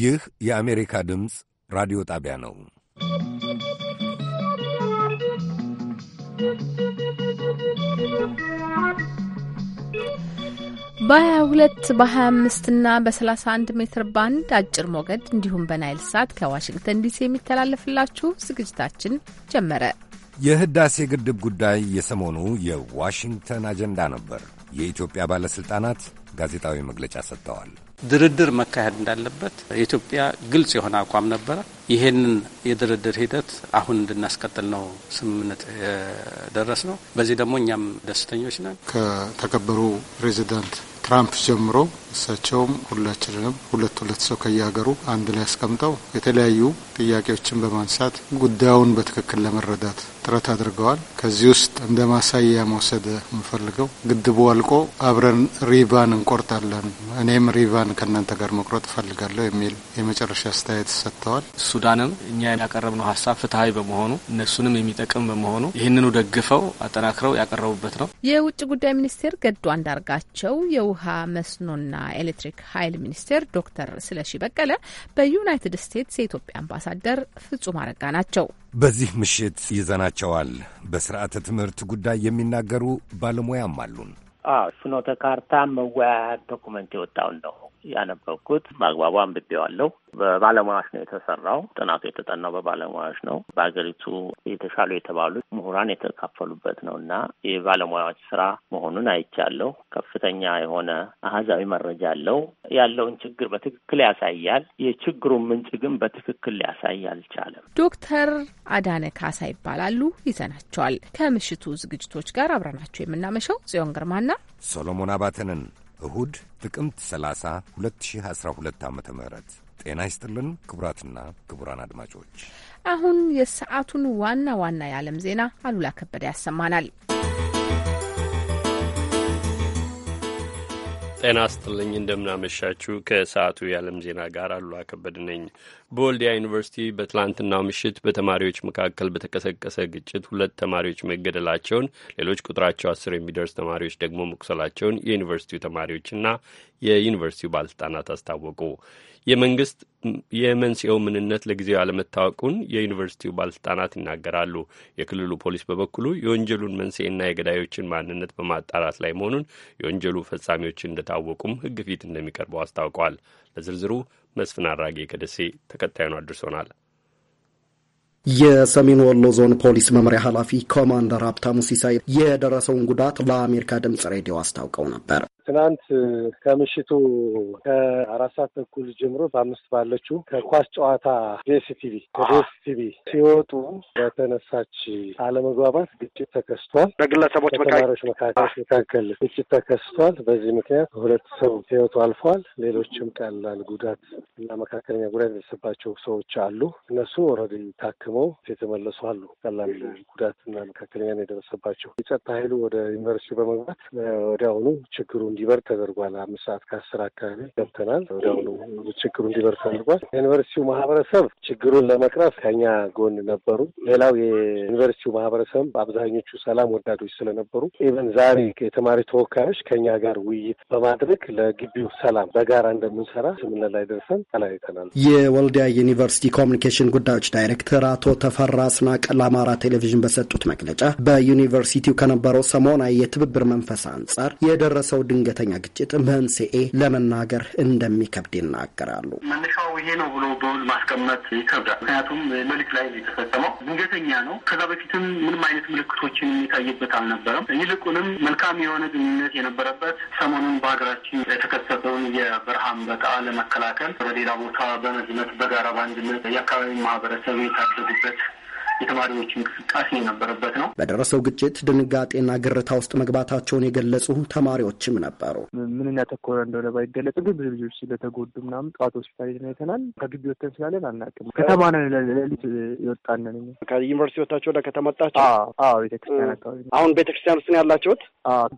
ይህ የአሜሪካ ድምፅ ራዲዮ ጣቢያ ነው። በ22 በ25 እና በ31 ሜትር ባንድ አጭር ሞገድ እንዲሁም በናይል ሳት ከዋሽንግተን ዲሲ የሚተላለፍላችሁ ዝግጅታችን ጀመረ። የህዳሴ ግድብ ጉዳይ የሰሞኑ የዋሽንግተን አጀንዳ ነበር። የኢትዮጵያ ባለሥልጣናት ጋዜጣዊ መግለጫ ሰጥተዋል። ድርድር መካሄድ እንዳለበት የኢትዮጵያ ግልጽ የሆነ አቋም ነበረ። ይሄንን የድርድር ሂደት አሁን እንድናስቀጥል ነው ስምምነት የደረስ ነው። በዚህ ደግሞ እኛም ደስተኞች ነን። ከተከበሩ ፕሬዚዳንት ትራምፕ ጀምሮ እሳቸውም ሁላችንንም ሁለት ሁለት ሰው ከየሀገሩ አንድ ላይ አስቀምጠው የተለያዩ ጥያቄዎችን በማንሳት ጉዳዩን በትክክል ለመረዳት ጥረት አድርገዋል። ከዚህ ውስጥ እንደ ማሳያ መውሰድ የምፈልገው ግድቡ አልቆ አብረን ሪባን እንቆርጣለን፣ እኔም ሪባን ከእናንተ ጋር መቁረጥ እፈልጋለሁ የሚል የመጨረሻ አስተያየት ሰጥተዋል። ሱዳንም እኛ ያቀረብነው ሀሳብ ፍትሀዊ በመሆኑ እነሱንም የሚጠቅም በመሆኑ ይህንኑ ደግፈው አጠናክረው ያቀረቡበት ነው። የውጭ ጉዳይ ሚኒስቴር ገዱ አንዳርጋቸው የውሃ መስኖና ኤሌክትሪክ ኃይል ሚኒስቴር ዶክተር ስለሺ በቀለ በዩናይትድ ስቴትስ የኢትዮጵያ አምባሳደር ፍጹም አረጋ ናቸው። በዚህ ምሽት ይዘናቸዋል። በስርዓተ ትምህርት ጉዳይ የሚናገሩ ባለሙያም አሉን። ፍኖተ ካርታ መወያያ ዶኩመንት የወጣው ነው ያነበብኩት በአግባቡ አንብቤዋለሁ። በባለሙያዎች ነው የተሰራው። ጥናቱ የተጠናው በባለሙያዎች ነው። በሀገሪቱ የተሻሉ የተባሉ ምሁራን የተካፈሉበት ነው እና የባለሙያዎች ስራ መሆኑን አይቻለሁ። ከፍተኛ የሆነ አህዛዊ መረጃ አለው። ያለውን ችግር በትክክል ያሳያል። የችግሩን ምንጭ ግን በትክክል ሊያሳይ አልቻለም። ዶክተር አዳነ ካሳ ይባላሉ። ይዘናቸዋል። ከምሽቱ ዝግጅቶች ጋር አብረናቸው የምናመሸው ጽዮን ግርማና ሶሎሞን አባተንን እሁድ ጥቅምት 30 2012 ዓ ም ጤና ይስጥልን ክቡራትና ክቡራን አድማጮች። አሁን የሰዓቱን ዋና ዋና የዓለም ዜና አሉላ ከበደ ያሰማናል። ጤና ስጥልኝ እንደምናመሻችሁ። ከሰዓቱ የዓለም ዜና ጋር አሉላ ከበድ ነኝ። በወልዲያ ዩኒቨርሲቲ በትላንትናው ምሽት በተማሪዎች መካከል በተቀሰቀሰ ግጭት ሁለት ተማሪዎች መገደላቸውን፣ ሌሎች ቁጥራቸው አስር የሚደርስ ተማሪዎች ደግሞ መቁሰላቸውን የዩኒቨርሲቲው ተማሪዎችና የዩኒቨርሲቲው ባለስልጣናት አስታወቁ። የመንግስት የመንስኤው ምንነት ለጊዜው ያለመታወቁን የዩኒቨርሲቲው ባለስልጣናት ይናገራሉ። የክልሉ ፖሊስ በበኩሉ የወንጀሉን መንስኤና የገዳዮችን ማንነት በማጣራት ላይ መሆኑን፣ የወንጀሉ ፈጻሚዎች እንደታወቁም ህግ ፊት እንደሚቀርቡ አስታውቀዋል። ለዝርዝሩ መስፍን አራጌ ከደሴ ተከታዩን አድርሶናል። የሰሜን ወሎ ዞን ፖሊስ መምሪያ ኃላፊ ኮማንደር ሀብታሙ ሲሳይ የደረሰውን ጉዳት ለአሜሪካ ድምጽ ሬዲዮ አስታውቀው ነበር። ትናንት ከምሽቱ ከአራት ሰዓት ተኩል ጀምሮ በአምስት ባለችው ከኳስ ጨዋታ ዴስቲቪ ከዴስቲቪ ሲወጡ በተነሳች አለመግባባት ግጭት ተከስቷል። በግለሰቦች ተማሪዎች መካከል ግጭት ተከስቷል። በዚህ ምክንያት ሁለት ሰው ህይወቱ አልፏል። ሌሎችም ቀላል ጉዳት እና መካከለኛ ጉዳት የደረሰባቸው ሰዎች አሉ። እነሱ ኦልሬዲ ታክመው የተመለሱ አሉ። ቀላል ጉዳት እና መካከለኛ የደረሰባቸው የጸጥታ ኃይሉ ወደ ዩኒቨርሲቲ በመግባት ወዲያውኑ ችግሩ እንዲ እንዲበር ተደርጓል። አምስት ሰዓት ከአስር አካባቢ ገብተናል። ወዲያውኑ ችግሩ እንዲበር ተደርጓል። ዩኒቨርሲቲው ማህበረሰብ ችግሩን ለመቅረፍ ከኛ ጎን ነበሩ። ሌላው የዩኒቨርሲቲው ማህበረሰብ አብዛኞቹ ሰላም ወዳዶች ስለነበሩ ኢቨን ዛሬ የተማሪ ተወካዮች ከኛ ጋር ውይይት በማድረግ ለግቢው ሰላም በጋራ እንደምንሰራ ስምምነት ላይ ደርሰን ተለያይተናል። የወልዲያ ዩኒቨርሲቲ ኮሚኒኬሽን ጉዳዮች ዳይሬክተር አቶ ተፈራ አስናቀ ለአማራ ቴሌቪዥን በሰጡት መግለጫ በዩኒቨርሲቲው ከነበረው ሰሞናዊ የትብብር መንፈስ አንጻር የደረሰው ድንገ ድንገተኛ ግጭት መንስኤ ለመናገር እንደሚከብድ ይናገራሉ። መነሻው ይሄ ነው ብሎ በውል ማስቀመጥ ይከብዳል። ምክንያቱም መልክ ላይ የተፈጸመው፣ ድንገተኛ ነው። ከዛ በፊትም ምንም አይነት ምልክቶችን የሚታይበት አልነበረም። ይልቁንም መልካም የሆነ ግንኙነት የነበረበት ሰሞኑን በሀገራችን የተከሰተውን የበረሃ አንበጣ ለመከላከል በሌላ ቦታ በመዝመት በጋራ በአንድነት የአካባቢ ማህበረሰብ የታደጉበት የተማሪዎች እንቅስቃሴ የነበረበት ነው። በደረሰው ግጭት ድንጋጤና ግርታ ውስጥ መግባታቸውን የገለጹ ተማሪዎችም ነበሩ። ምን ያተኮረ እንደሆነ ባይገለጽ ግን ብዙ ልጆች ስለተጎዱ ምናምን ጠዋት ሆስፒታል ሄደን አይተናል። ከግቢ ወተን ስላለን አናውቅም። ከተማ ነን፣ ሌሊት የወጣን ከዩኒቨርሲቲ ወታቸው ለከተማ ወጣችሁ? አዎ፣ ቤተክርስቲያን አካባቢ። አሁን ቤተክርስቲያን ውስጥ ያላቸውት ያላችሁት?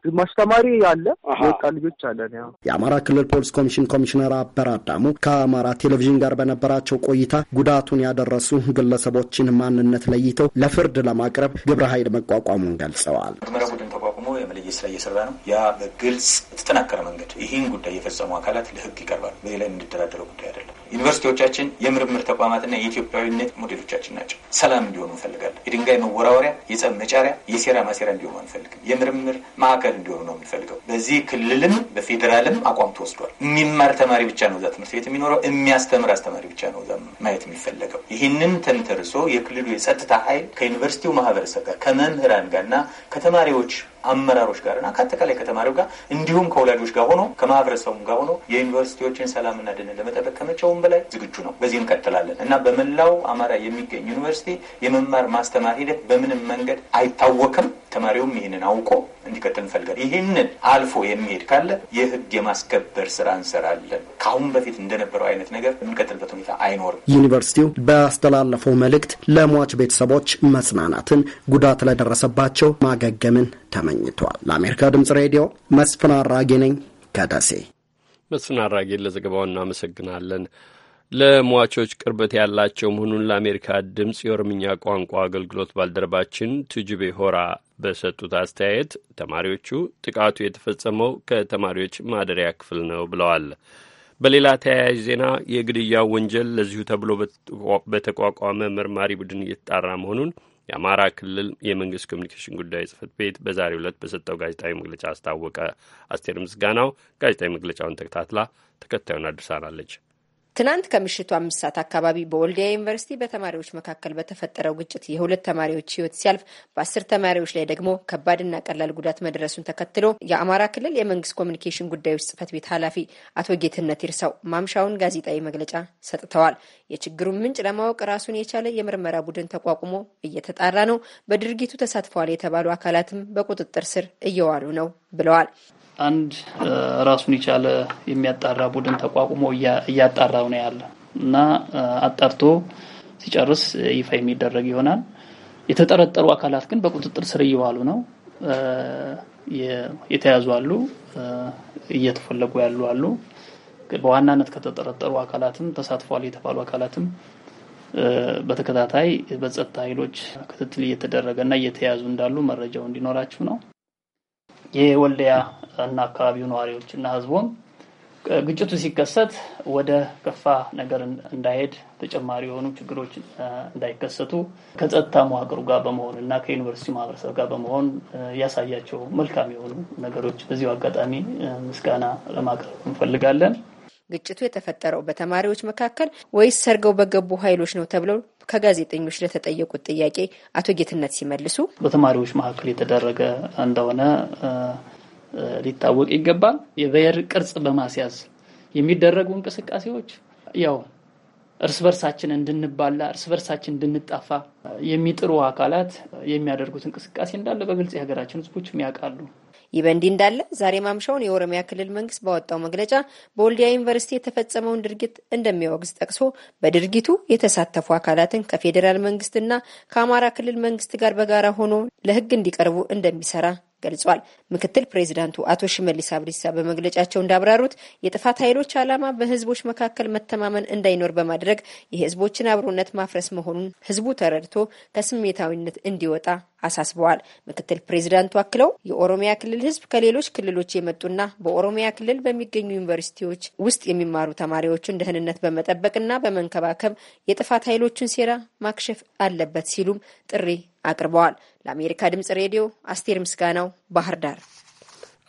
ግማሽ ተማሪ አለ፣ የወጣ ልጆች አለን። ያው የአማራ ክልል ፖሊስ ኮሚሽን ኮሚሽነር አበራ አዳሙ ከአማራ ቴሌቪዥን ጋር በነበራቸው ቆይታ ጉዳቱን ያደረሱ ግለሰቦችን ማንነት ለይተው ለፍርድ ለማቅረብ ግብረ ኃይል መቋቋሙን ገልጸዋል። ምርመራ ቡድን ተቋቁሞ የመለየት ስራ እየሰራ ነው። ያ በግልጽ የተጠናከረ መንገድ ይህን ጉዳይ የፈጸሙ አካላት ለህግ ይቀርባል። በሌላ የምንደራደረው ጉዳይ አይደለም። ዩኒቨርሲቲዎቻችን የምርምር ተቋማትና የኢትዮጵያዊነት ሞዴሎቻችን ናቸው። ሰላም እንዲሆኑ እንፈልጋለን። የድንጋይ መወራወሪያ፣ የጸብ መጫሪያ፣ የሴራ ማሴራ እንዲሆኑ አንፈልግም። የምርምር ማዕከል እንዲሆኑ ነው የምንፈልገው። በዚህ ክልልም በፌዴራልም አቋም ተወስዷል። የሚማር ተማሪ ብቻ ነው እዛ ትምህርት ቤት የሚኖረው፣ የሚያስተምር አስተማሪ ብቻ ነው እዛ ማየት የሚፈለገው። ይህንን ተንተርሶ የክልሉ የጸጥታ ኃይል ከዩኒቨርሲቲው ማህበረሰብ ጋር ከመምህራን ጋርና ከተማሪዎች አመራሮች ጋር እና ከአጠቃላይ ከተማሪው ጋር እንዲሁም ከወላጆች ጋር ሆኖ ከማህበረሰቡ ጋር ሆኖ የዩኒቨርሲቲዎችን ሰላምና ደህንነት ለመጠበቅ ከመቼውም በላይ ዝግጁ ነው። በዚህ እንቀጥላለን እና በመላው አማራ የሚገኝ ዩኒቨርሲቲ የመማር ማስተማር ሂደት በምንም መንገድ አይታወክም። ተማሪውም ይህንን አውቆ እንዲቀጥል እንፈልጋል። ይህንን አልፎ የሚሄድ ካለ የህግ የማስከበር ስራ እንሰራለን። ከአሁን በፊት እንደነበረው አይነት ነገር የምንቀጥልበት ሁኔታ አይኖርም። ዩኒቨርሲቲው ባስተላለፈው መልእክት ለሟች ቤተሰቦች መጽናናትን፣ ጉዳት ለደረሰባቸው ማገገምን ተመ ተመኝቷል። ለአሜሪካ ድምጽ ሬዲዮ መስፍን አራጌ ነኝ ከደሴ። መስፍን አራጌን ለዘገባው እናመሰግናለን። ለሟቾች ቅርበት ያላቸው መሆኑን ለአሜሪካ ድምፅ የኦሮምኛ ቋንቋ አገልግሎት ባልደረባችን ትጅቤ ሆራ በሰጡት አስተያየት ተማሪዎቹ ጥቃቱ የተፈጸመው ከተማሪዎች ማደሪያ ክፍል ነው ብለዋል። በሌላ ተያያዥ ዜና የግድያው ወንጀል ለዚሁ ተብሎ በተቋቋመ መርማሪ ቡድን እየተጣራ መሆኑን የአማራ ክልል የመንግስት ኮሚኒኬሽን ጉዳይ ጽህፈት ቤት በዛሬ ዕለት በሰጠው ጋዜጣዊ መግለጫ አስታወቀ። አስቴር ምስጋናው ጋዜጣዊ መግለጫውን ተከታትላ ተከታዩን አድርሳናለች። ትናንት ከምሽቱ አምስት ሰዓት አካባቢ በወልዲያ ዩኒቨርሲቲ በተማሪዎች መካከል በተፈጠረው ግጭት የሁለት ተማሪዎች ሕይወት ሲያልፍ በአስር ተማሪዎች ላይ ደግሞ ከባድና ቀላል ጉዳት መድረሱን ተከትሎ የአማራ ክልል የመንግስት ኮሚኒኬሽን ጉዳዮች ጽህፈት ቤት ኃላፊ አቶ ጌትነት ይርሳው ማምሻውን ጋዜጣዊ መግለጫ ሰጥተዋል። የችግሩን ምንጭ ለማወቅ ራሱን የቻለ የምርመራ ቡድን ተቋቁሞ እየተጣራ ነው፣ በድርጊቱ ተሳትፈዋል የተባሉ አካላትም በቁጥጥር ስር እየዋሉ ነው ብለዋል። አንድ ራሱን የቻለ የሚያጣራ ቡድን ተቋቁሞ እያጣራው ነው ያለ እና አጣርቶ ሲጨርስ ይፋ የሚደረግ ይሆናል። የተጠረጠሩ አካላት ግን በቁጥጥር ስር እየዋሉ ነው። የተያዙ አሉ፣ እየተፈለጉ ያሉ አሉ። በዋናነት ከተጠረጠሩ አካላትም ተሳትፏል የተባሉ አካላትም በተከታታይ በጸጥታ ኃይሎች ክትትል እየተደረገ እና እየተያዙ እንዳሉ መረጃው እንዲኖራችሁ ነው። የወልዲያ እና አካባቢው ነዋሪዎች እና ህዝቡም ግጭቱ ሲከሰት ወደ ከፋ ነገር እንዳይሄድ ተጨማሪ የሆኑ ችግሮች እንዳይከሰቱ ከጸጥታ መዋቅሩ ጋር በመሆን እና ከዩኒቨርሲቲ ማህበረሰብ ጋር በመሆን ያሳያቸው መልካም የሆኑ ነገሮች በዚሁ አጋጣሚ ምስጋና ለማቅረብ እንፈልጋለን። ግጭቱ የተፈጠረው በተማሪዎች መካከል ወይስ ሰርገው በገቡ ኃይሎች ነው ተብለው ከጋዜጠኞች ለተጠየቁት ጥያቄ አቶ ጌትነት ሲመልሱ በተማሪዎች መካከል የተደረገ እንደሆነ ሊታወቅ ይገባል። የብሔር ቅርጽ በማስያዝ የሚደረጉ እንቅስቃሴዎች ያው እርስ በርሳችን እንድንባላ እርስ በርሳችን እንድንጣፋ የሚጥሩ አካላት የሚያደርጉት እንቅስቃሴ እንዳለ በግልጽ የሀገራችን ሕዝቦች ያውቃሉ። ይህ በእንዲህ እንዳለ ዛሬ ማምሻውን የኦሮሚያ ክልል መንግስት ባወጣው መግለጫ በወልዲያ ዩኒቨርሲቲ የተፈጸመውን ድርጊት እንደሚያወግዝ ጠቅሶ በድርጊቱ የተሳተፉ አካላትን ከፌዴራል መንግስትና ከአማራ ክልል መንግስት ጋር በጋራ ሆኖ ለህግ እንዲቀርቡ እንደሚሰራ ገልጿል። ምክትል ፕሬዚዳንቱ አቶ ሽመልስ አብዲሳ በመግለጫቸው እንዳብራሩት የጥፋት ኃይሎች ዓላማ በህዝቦች መካከል መተማመን እንዳይኖር በማድረግ የህዝቦችን አብሮነት ማፍረስ መሆኑን ህዝቡ ተረድቶ ከስሜታዊነት እንዲወጣ አሳስበዋል። ምክትል ፕሬዚዳንቱ አክለው የኦሮሚያ ክልል ህዝብ ከሌሎች ክልሎች የመጡና በኦሮሚያ ክልል በሚገኙ ዩኒቨርሲቲዎች ውስጥ የሚማሩ ተማሪዎችን ደህንነት በመጠበቅና በመንከባከብ የጥፋት ኃይሎችን ሴራ ማክሸፍ አለበት ሲሉም ጥሪ አቅርበዋል። ለአሜሪካ ድምጽ ሬዲዮ አስቴር ምስጋናው ባህር ዳር።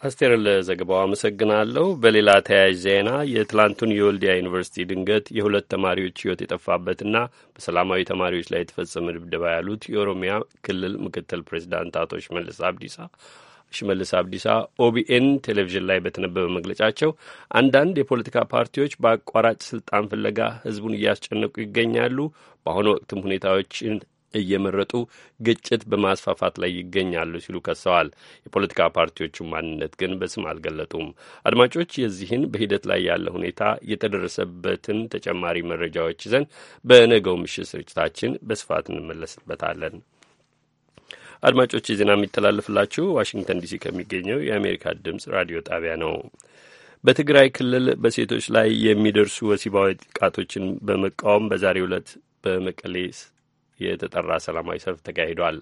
አስቴር ለዘገባው አመሰግናለሁ። በሌላ ተያያዥ ዜና የትላንቱን የወልዲያ ዩኒቨርሲቲ ድንገት የሁለት ተማሪዎች ሕይወት የጠፋበትና በሰላማዊ ተማሪዎች ላይ የተፈጸመ ድብደባ ያሉት የኦሮሚያ ክልል ምክትል ፕሬዚዳንት አቶ ሽመልስ አብዲሳ ሽመልስ አብዲሳ ኦቢኤን ቴሌቪዥን ላይ በተነበበ መግለጫቸው አንዳንድ የፖለቲካ ፓርቲዎች በአቋራጭ ስልጣን ፍለጋ ህዝቡን እያስጨነቁ ይገኛሉ። በአሁኑ ወቅትም ሁኔታዎችን እየመረጡ ግጭት በማስፋፋት ላይ ይገኛሉ ሲሉ ከሰዋል። የፖለቲካ ፓርቲዎቹን ማንነት ግን በስም አልገለጡም። አድማጮች የዚህን በሂደት ላይ ያለ ሁኔታ የተደረሰበትን ተጨማሪ መረጃዎች ይዘን በነገው ምሽት ስርጭታችን በስፋት እንመለስበታለን። አድማጮች ዜና የሚተላለፍላችሁ ዋሽንግተን ዲሲ ከሚገኘው የአሜሪካ ድምጽ ራዲዮ ጣቢያ ነው። በትግራይ ክልል በሴቶች ላይ የሚደርሱ ወሲባዊ ጥቃቶችን በመቃወም በዛሬው ዕለት በመቀሌ የተጠራ ሰላማዊ ሰልፍ ተካሂዷል።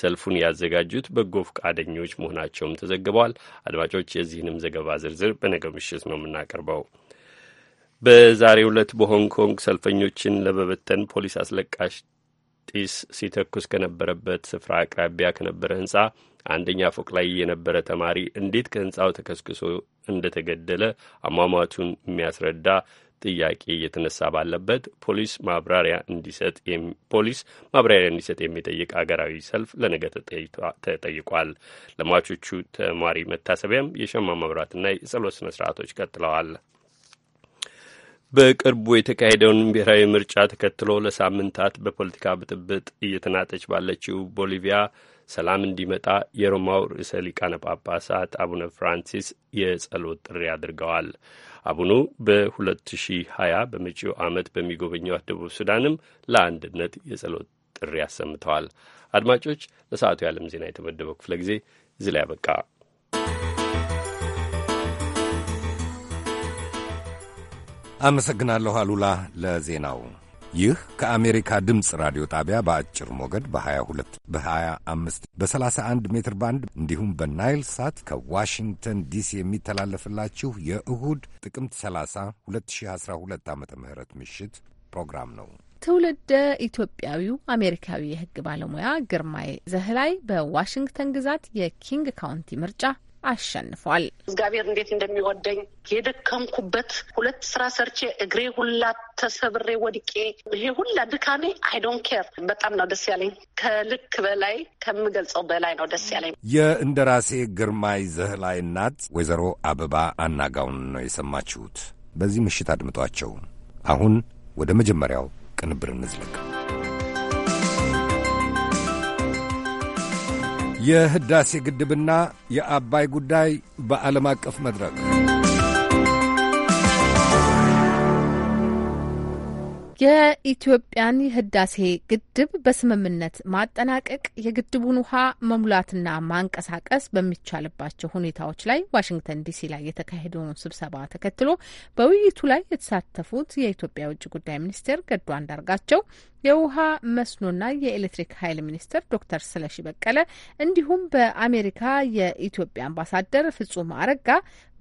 ሰልፉን ያዘጋጁት በጎ ፈቃደኞች መሆናቸውም ተዘግበዋል። አድማጮች የዚህንም ዘገባ ዝርዝር በነገ ምሽት ነው የምናቀርበው። በዛሬው ዕለት በሆንግ ኮንግ ሰልፈኞችን ለመበተን ፖሊስ አስለቃሽ ጢስ ሲተኩስ ከነበረበት ስፍራ አቅራቢያ ከነበረ ህንጻ አንደኛ ፎቅ ላይ የነበረ ተማሪ እንዴት ከህንጻው ተከስክሶ እንደተገደለ አሟሟቱን የሚያስረዳ ጥያቄ እየተነሳ ባለበት ፖሊስ ማብራሪያ እንዲሰጥ ፖሊስ ማብራሪያ እንዲሰጥ የሚጠይቅ አገራዊ ሰልፍ ለነገ ተጠይቋል። ለሟቾቹ ተማሪ መታሰቢያም የሸማ መብራትና የጸሎት ስነ ስርዓቶች ቀጥለዋል። በቅርቡ የተካሄደውን ብሔራዊ ምርጫ ተከትሎ ለሳምንታት በፖለቲካ ብጥብጥ እየተናጠች ባለችው ቦሊቪያ ሰላም እንዲመጣ የሮማው ርዕሰ ሊቃነ ጳጳሳት አቡነ ፍራንሲስ የጸሎት ጥሪ አድርገዋል። አቡኑ በ2020 በመጪው ዓመት በሚጎበኘዋት ደቡብ ሱዳንም ለአንድነት የጸሎት ጥሪ አሰምተዋል። አድማጮች፣ ለሰዓቱ የዓለም ዜና የተመደበው ክፍለ ጊዜ እዚህ ላይ አበቃ። አመሰግናለሁ አሉላ ለዜናው። ይህ ከአሜሪካ ድምፅ ራዲዮ ጣቢያ በአጭር ሞገድ በ22 በ25 በ31 ሜትር ባንድ እንዲሁም በናይል ሳት ከዋሽንግተን ዲሲ የሚተላለፍላችሁ የእሁድ ጥቅምት 30 2012 ዓ ም ምሽት ፕሮግራም ነው። ትውልደ ኢትዮጵያዊው አሜሪካዊ የሕግ ባለሙያ ግርማይ ዘህላይ በዋሽንግተን ግዛት የኪንግ ካውንቲ ምርጫ አሸንፏል። እግዚአብሔር እንዴት እንደሚወደኝ የደከምኩበት ሁለት ስራ ሰርቼ እግሬ ሁላ ተሰብሬ ወድቄ ይሄ ሁላ ድካሜ አይዶን ኬር በጣም ነው ደስ ያለኝ። ከልክ በላይ ከምገልጸው በላይ ነው ደስ ያለኝ። የእንደራሴ ግርማይ ዘህላይ እናት ወይዘሮ አበባ አናጋውን ነው የሰማችሁት። በዚህ ምሽት አድምጧቸው። አሁን ወደ መጀመሪያው ቅንብር እንዝለቅ። የህዳሴ ግድብና የአባይ ጉዳይ በዓለም አቀፍ መድረክ የኢትዮጵያን ህዳሴ ግድብ በስምምነት ማጠናቀቅ የግድቡን ውሃ መሙላትና ማንቀሳቀስ በሚቻልባቸው ሁኔታዎች ላይ ዋሽንግተን ዲሲ ላይ የተካሄደውን ስብሰባ ተከትሎ በውይይቱ ላይ የተሳተፉት የኢትዮጵያ ውጭ ጉዳይ ሚኒስቴር ገዱ አንዳርጋቸው፣ የውሃ መስኖና የኤሌክትሪክ ኃይል ሚኒስትር ዶክተር ስለሺ በቀለ እንዲሁም በአሜሪካ የኢትዮጵያ አምባሳደር ፍጹም አረጋ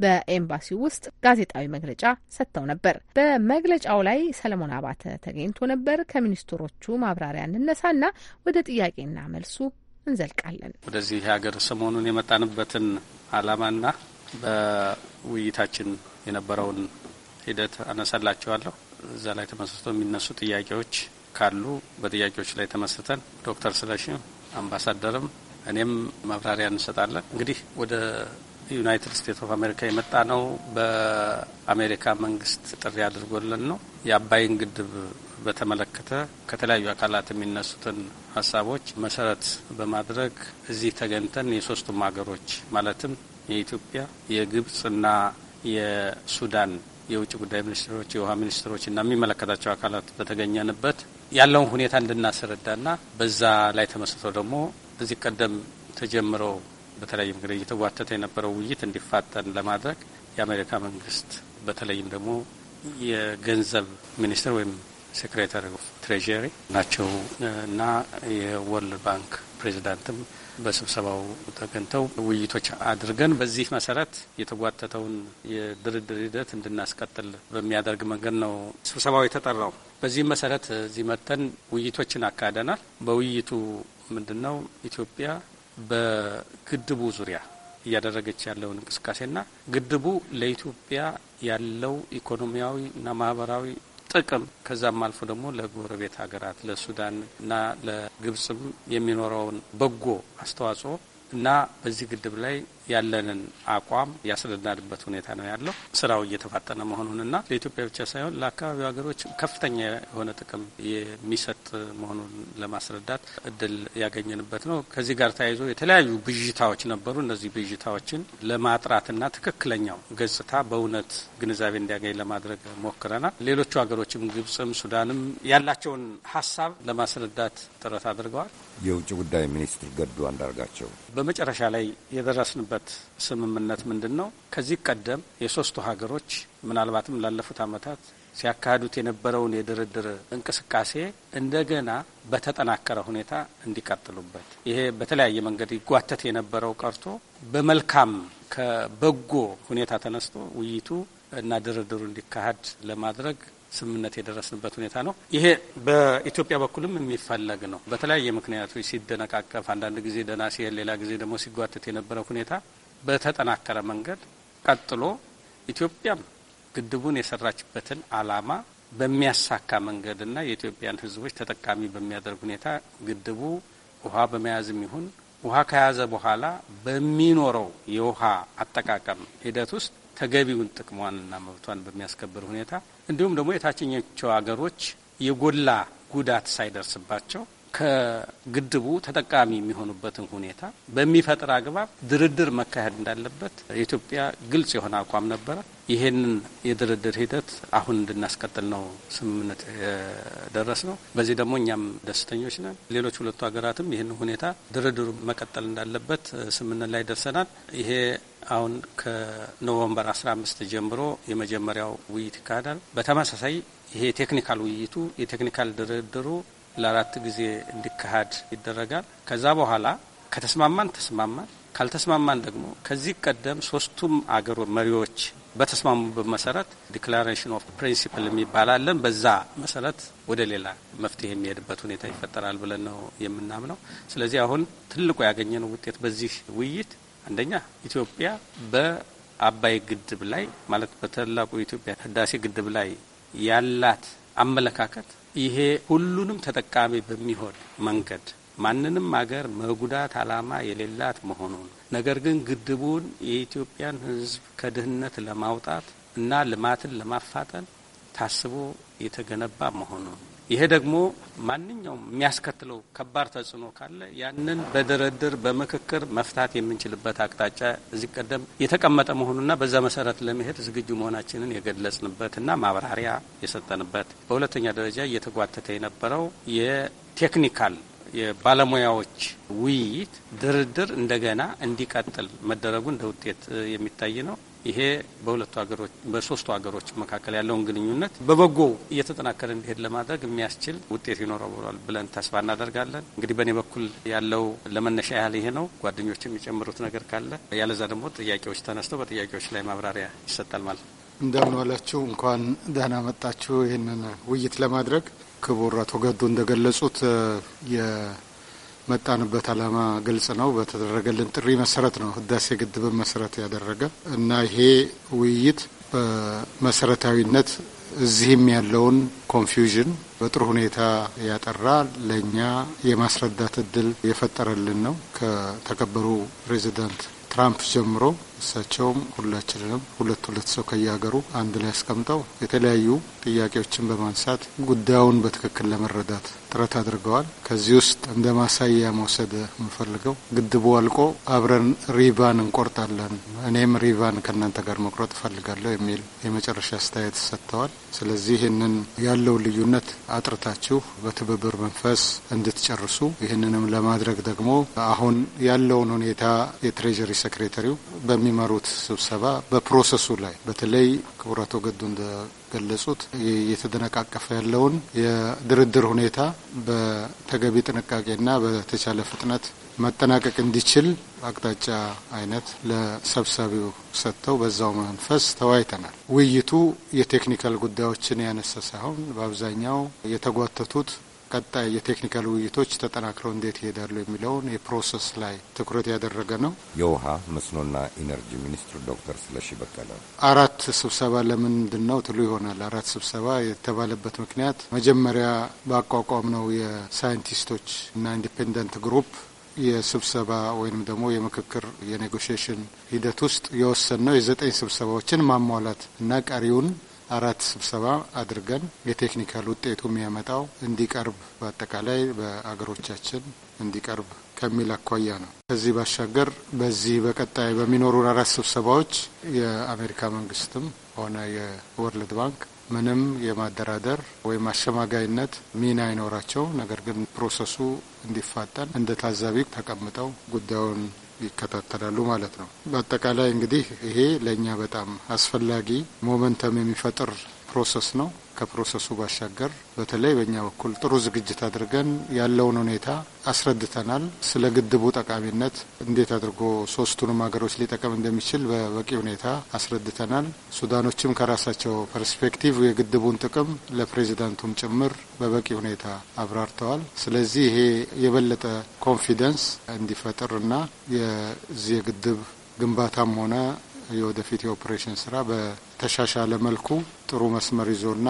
በኤምባሲው ውስጥ ጋዜጣዊ መግለጫ ሰጥተው ነበር። በመግለጫው ላይ ሰለሞን አባተ ተገኝቶ ነበር። ከሚኒስትሮቹ ማብራሪያ እንነሳና ወደ ጥያቄና መልሱ እንዘልቃለን። ወደዚህ ሀገር ሰሞኑን የመጣንበትን ዓላማና በውይይታችን የነበረውን ሂደት አነሳላቸዋለሁ። እዛ ላይ ተመስርቶ የሚነሱ ጥያቄዎች ካሉ በጥያቄዎች ላይ ተመስርተን ዶክተር ስለሺ አምባሳደርም እኔም ማብራሪያ እንሰጣለን። እንግዲህ ወደ ዩናይትድ ስቴትስ ኦፍ አሜሪካ የመጣ ነው። በአሜሪካ መንግስት ጥሪ አድርጎልን ነው። የአባይን ግድብ በተመለከተ ከተለያዩ አካላት የሚነሱትን ሀሳቦች መሰረት በማድረግ እዚህ ተገኝተን የሶስቱም ሀገሮች ማለትም የኢትዮጵያ፣ የግብጽና የሱዳን የውጭ ጉዳይ ሚኒስትሮች፣ የውሃ ሚኒስትሮች እና የሚመለከታቸው አካላት በተገኘንበት ያለውን ሁኔታ እንድናስረዳና በዛ ላይ ተመስርቶ ደግሞ እዚህ ቀደም ተጀምረው በተለይም እንግዲህ እየተጓተተ የነበረው ውይይት እንዲፋጠን ለማድረግ የአሜሪካ መንግስት በተለይም ደግሞ የገንዘብ ሚኒስትር ወይም ሴክሬታሪ ኦፍ ናቸው እና የወርልድ ባንክ ፕሬዚዳንትም በስብሰባው ተገኝተው ውይይቶች አድርገን በዚህ መሰረት የተጓተተውን የድርድር ሂደት እንድናስቀጥል በሚያደርግ መንገድ ነው ስብሰባው የተጠራው። በዚህም መሰረት እዚህ መጥተን ውይይቶችን አካሂደናል። በውይይቱ ምንድን ነው ኢትዮጵያ በግድቡ ዙሪያ እያደረገች ያለውን እንቅስቃሴና ግድቡ ለኢትዮጵያ ያለው ኢኮኖሚያዊና ማህበራዊ ጥቅም ከዛም አልፎ ደግሞ ለጎረቤት ሀገራት ለሱዳን እና ለግብጽም የሚኖረውን በጎ አስተዋጽኦ እና በዚህ ግድብ ላይ ያለንን አቋም ያስረዳንበት ሁኔታ ነው ያለው። ስራው እየተፋጠነ መሆኑንና ለኢትዮጵያ ብቻ ሳይሆን ለአካባቢው ሀገሮች ከፍተኛ የሆነ ጥቅም የሚሰጥ መሆኑን ለማስረዳት እድል ያገኘንበት ነው። ከዚህ ጋር ተያይዞ የተለያዩ ብዥታዎች ነበሩ። እነዚህ ብዥታዎችን ለማጥራትና ትክክለኛው ገጽታ በእውነት ግንዛቤ እንዲያገኝ ለማድረግ ሞክረናል። ሌሎቹ ሀገሮችም ግብጽም፣ ሱዳንም ያላቸውን ሀሳብ ለማስረዳት ጥረት አድርገዋል። የውጭ ጉዳይ ሚኒስትር ገዱ አንዳርጋቸው በመጨረሻ ላይ የደረስንበት የደረስንበት ስምምነት ምንድን ነው? ከዚህ ቀደም የሶስቱ ሀገሮች ምናልባትም ላለፉት አመታት ሲያካሂዱት የነበረውን የድርድር እንቅስቃሴ እንደገና በተጠናከረ ሁኔታ እንዲቀጥሉበት ይሄ በተለያየ መንገድ ይጓተት የነበረው ቀርቶ በመልካም ከበጎ ሁኔታ ተነስቶ ውይይቱ እና ድርድሩ እንዲካሄድ ለማድረግ ስምምነት የደረስንበት ሁኔታ ነው። ይሄ በኢትዮጵያ በኩልም የሚፈለግ ነው። በተለያየ ምክንያቶች ሲደነቃቀፍ፣ አንዳንድ ጊዜ ደህና ሲሄድ፣ ሌላ ጊዜ ደግሞ ሲጓተት የነበረ ሁኔታ በተጠናከረ መንገድ ቀጥሎ ኢትዮጵያም ግድቡን የሰራችበትን አላማ በሚያሳካ መንገድና የኢትዮጵያን ሕዝቦች ተጠቃሚ በሚያደርግ ሁኔታ ግድቡ ውሃ በመያዝም ይሁን ውሃ ከያዘ በኋላ በሚኖረው የውሃ አጠቃቀም ሂደት ውስጥ ተገቢውን ጥቅሟንና መብቷን በሚያስከብር ሁኔታ እንዲሁም ደግሞ የታችኞቹ ሀገሮች የጎላ ጉዳት ሳይደርስባቸው ከግድቡ ተጠቃሚ የሚሆኑበትን ሁኔታ በሚፈጥር አግባብ ድርድር መካሄድ እንዳለበት የኢትዮጵያ ግልጽ የሆነ አቋም ነበረ። ይሄንን የድርድር ሂደት አሁን እንድናስቀጥል ነው ስምምነት የደረስ ነው። በዚህ ደግሞ እኛም ደስተኞች ነን። ሌሎች ሁለቱ ሀገራትም ይህን ሁኔታ ድርድሩ መቀጠል እንዳለበት ስምምነት ላይ ደርሰናል። ይሄ አሁን ከኖቨምበር 15 ጀምሮ የመጀመሪያው ውይይት ይካሄዳል። በተመሳሳይ ይሄ የቴክኒካል ውይይቱ የቴክኒካል ድርድሩ ለአራት ጊዜ እንዲካሄድ ይደረጋል። ከዛ በኋላ ከተስማማን ተስማማን፣ ካልተስማማን ደግሞ ከዚህ ቀደም ሶስቱም አገር መሪዎች በተስማሙበት መሰረት ዲክላሬሽን ኦፍ ፕሪንሲፕል የሚባላለን በዛ መሰረት ወደ ሌላ መፍትሄ የሚሄድበት ሁኔታ ይፈጠራል ብለን ነው የምናምነው። ስለዚህ አሁን ትልቁ ያገኘነው ውጤት በዚህ ውይይት አንደኛ ኢትዮጵያ በአባይ ግድብ ላይ ማለት በታላቁ የኢትዮጵያ ህዳሴ ግድብ ላይ ያላት አመለካከት ይሄ ሁሉንም ተጠቃሚ በሚሆን መንገድ ማንንም አገር መጉዳት ዓላማ የሌላት መሆኑን ነገር ግን ግድቡን የኢትዮጵያን ሕዝብ ከድህነት ለማውጣት እና ልማትን ለማፋጠን ታስቦ የተገነባ መሆኑን ይሄ ደግሞ ማንኛውም የሚያስከትለው ከባድ ተጽዕኖ ካለ ያንን በድርድር በምክክር መፍታት የምንችልበት አቅጣጫ እዚህ ቀደም የተቀመጠ መሆኑና በዛ መሰረት ለመሄድ ዝግጁ መሆናችንን የገለጽንበትና ማብራሪያ የሰጠንበት፣ በሁለተኛ ደረጃ እየተጓተተ የነበረው የቴክኒካል የባለሙያዎች ውይይት ድርድር እንደገና እንዲቀጥል መደረጉ እንደ ውጤት የሚታይ ነው። ይሄ በሁለቱ ሀገሮች በሶስቱ ሀገሮች መካከል ያለውን ግንኙነት በበጎ እየተጠናከረ እንዲሄድ ለማድረግ የሚያስችል ውጤት ብሏል ብለን ተስፋ እናደርጋለን። እንግዲህ በእኔ በኩል ያለው ለመነሻ ያህል ይሄ ነው። ጓደኞች የሚጨምሩት ነገር ካለ ያለዛ ደግሞ ጥያቄዎች ተነስተው በጥያቄዎች ላይ ማብራሪያ ይሰጣል ማለት ነው። እንደምን ዋላችሁ። እንኳን ደህና መጣችሁ። ይህንን ውይይት ለማድረግ ክቡር አቶ ገዱ እንደገለጹት መጣንበት ዓላማ ግልጽ ነው። በተደረገልን ጥሪ መሰረት ነው ህዳሴ ግድብን መሰረት ያደረገ እና ይሄ ውይይት በመሰረታዊነት እዚህም ያለውን ኮንፊውዥን በጥሩ ሁኔታ ያጠራ ለእኛ የማስረዳት እድል የፈጠረልን ነው ከተከበሩ ፕሬዚዳንት ትራምፕ ጀምሮ እሳቸውም ሁላችንንም ሁለት ሁለት ሰው ከየሀገሩ አንድ ላይ አስቀምጠው የተለያዩ ጥያቄዎችን በማንሳት ጉዳዩን በትክክል ለመረዳት ጥረት አድርገዋል። ከዚህ ውስጥ እንደ ማሳያ መውሰድ የምፈልገው ግድቡ አልቆ አብረን ሪቫን እንቆርጣለን፣ እኔም ሪቫን ከእናንተ ጋር መቁረጥ እፈልጋለሁ የሚል የመጨረሻ አስተያየት ሰጥተዋል። ስለዚህ ይህንን ያለው ልዩነት አጥርታችሁ በትብብር መንፈስ እንድትጨርሱ ይህንንም ለማድረግ ደግሞ አሁን ያለውን ሁኔታ የትሬጀሪ ሴክሬታሪው በሚ በሚመሩት ስብሰባ በፕሮሰሱ ላይ በተለይ ክቡር አቶ ገዱ እንደገለጹት እየተደነቃቀፈ ያለውን የድርድር ሁኔታ በተገቢ ጥንቃቄና በተቻለ ፍጥነት መጠናቀቅ እንዲችል አቅጣጫ አይነት ለሰብሳቢው ሰጥተው በዛው መንፈስ ተወያይተናል። ውይይቱ የቴክኒካል ጉዳዮችን ያነሳ ሳይሆን በአብዛኛው የተጓተቱት ቀጣይ የቴክኒካል ውይይቶች ተጠናክረው እንዴት ይሄዳሉ የሚለውን የፕሮሰስ ላይ ትኩረት ያደረገ ነው። የውሃ መስኖና ኢነርጂ ሚኒስትር ዶክተር ስለሺ በቀለ አራት ስብሰባ ለምንድን ነው ትሉ ይሆናል። አራት ስብሰባ የተባለበት ምክንያት መጀመሪያ በአቋቋም ነው የሳይንቲስቶች እና ኢንዲፔንደንት ግሩፕ የስብሰባ ወይም ደግሞ የምክክር የኔጎሽሽን ሂደት ውስጥ የወሰን ነው የዘጠኝ ስብሰባዎችን ማሟላት እና ቀሪውን አራት ስብሰባ አድርገን የቴክኒካል ውጤቱ የሚያመጣው እንዲቀርብ በአጠቃላይ በአገሮቻችን እንዲቀርብ ከሚል አኳያ ነው። ከዚህ ባሻገር በዚህ በቀጣይ በሚኖሩ አራት ስብሰባዎች የአሜሪካ መንግስትም ሆነ የወርልድ ባንክ ምንም የማደራደር ወይም አሸማጋይነት ሚና አይኖራቸው። ነገር ግን ፕሮሰሱ እንዲፋጠን እንደ ታዛቢ ተቀምጠው ጉዳዩን ይከታተላሉ ማለት ነው። በአጠቃላይ እንግዲህ ይሄ ለእኛ በጣም አስፈላጊ ሞመንተም የሚፈጥር ፕሮሰስ ነው። ከፕሮሰሱ ባሻገር በተለይ በእኛ በኩል ጥሩ ዝግጅት አድርገን ያለውን ሁኔታ አስረድተናል። ስለ ግድቡ ጠቃሚነት እንዴት አድርጎ ሶስቱንም ሀገሮች ሊጠቀም እንደሚችል በበቂ ሁኔታ አስረድተናል። ሱዳኖችም ከራሳቸው ፐርስፔክቲቭ የግድቡን ጥቅም ለፕሬዚዳንቱም ጭምር በበቂ ሁኔታ አብራርተዋል። ስለዚህ ይሄ የበለጠ ኮንፊደንስ እንዲፈጥርና የዚህ የግድብ ግንባታም ሆነ የወደፊት የኦፕሬሽን ስራ በተሻሻለ መልኩ ጥሩ መስመር ይዞና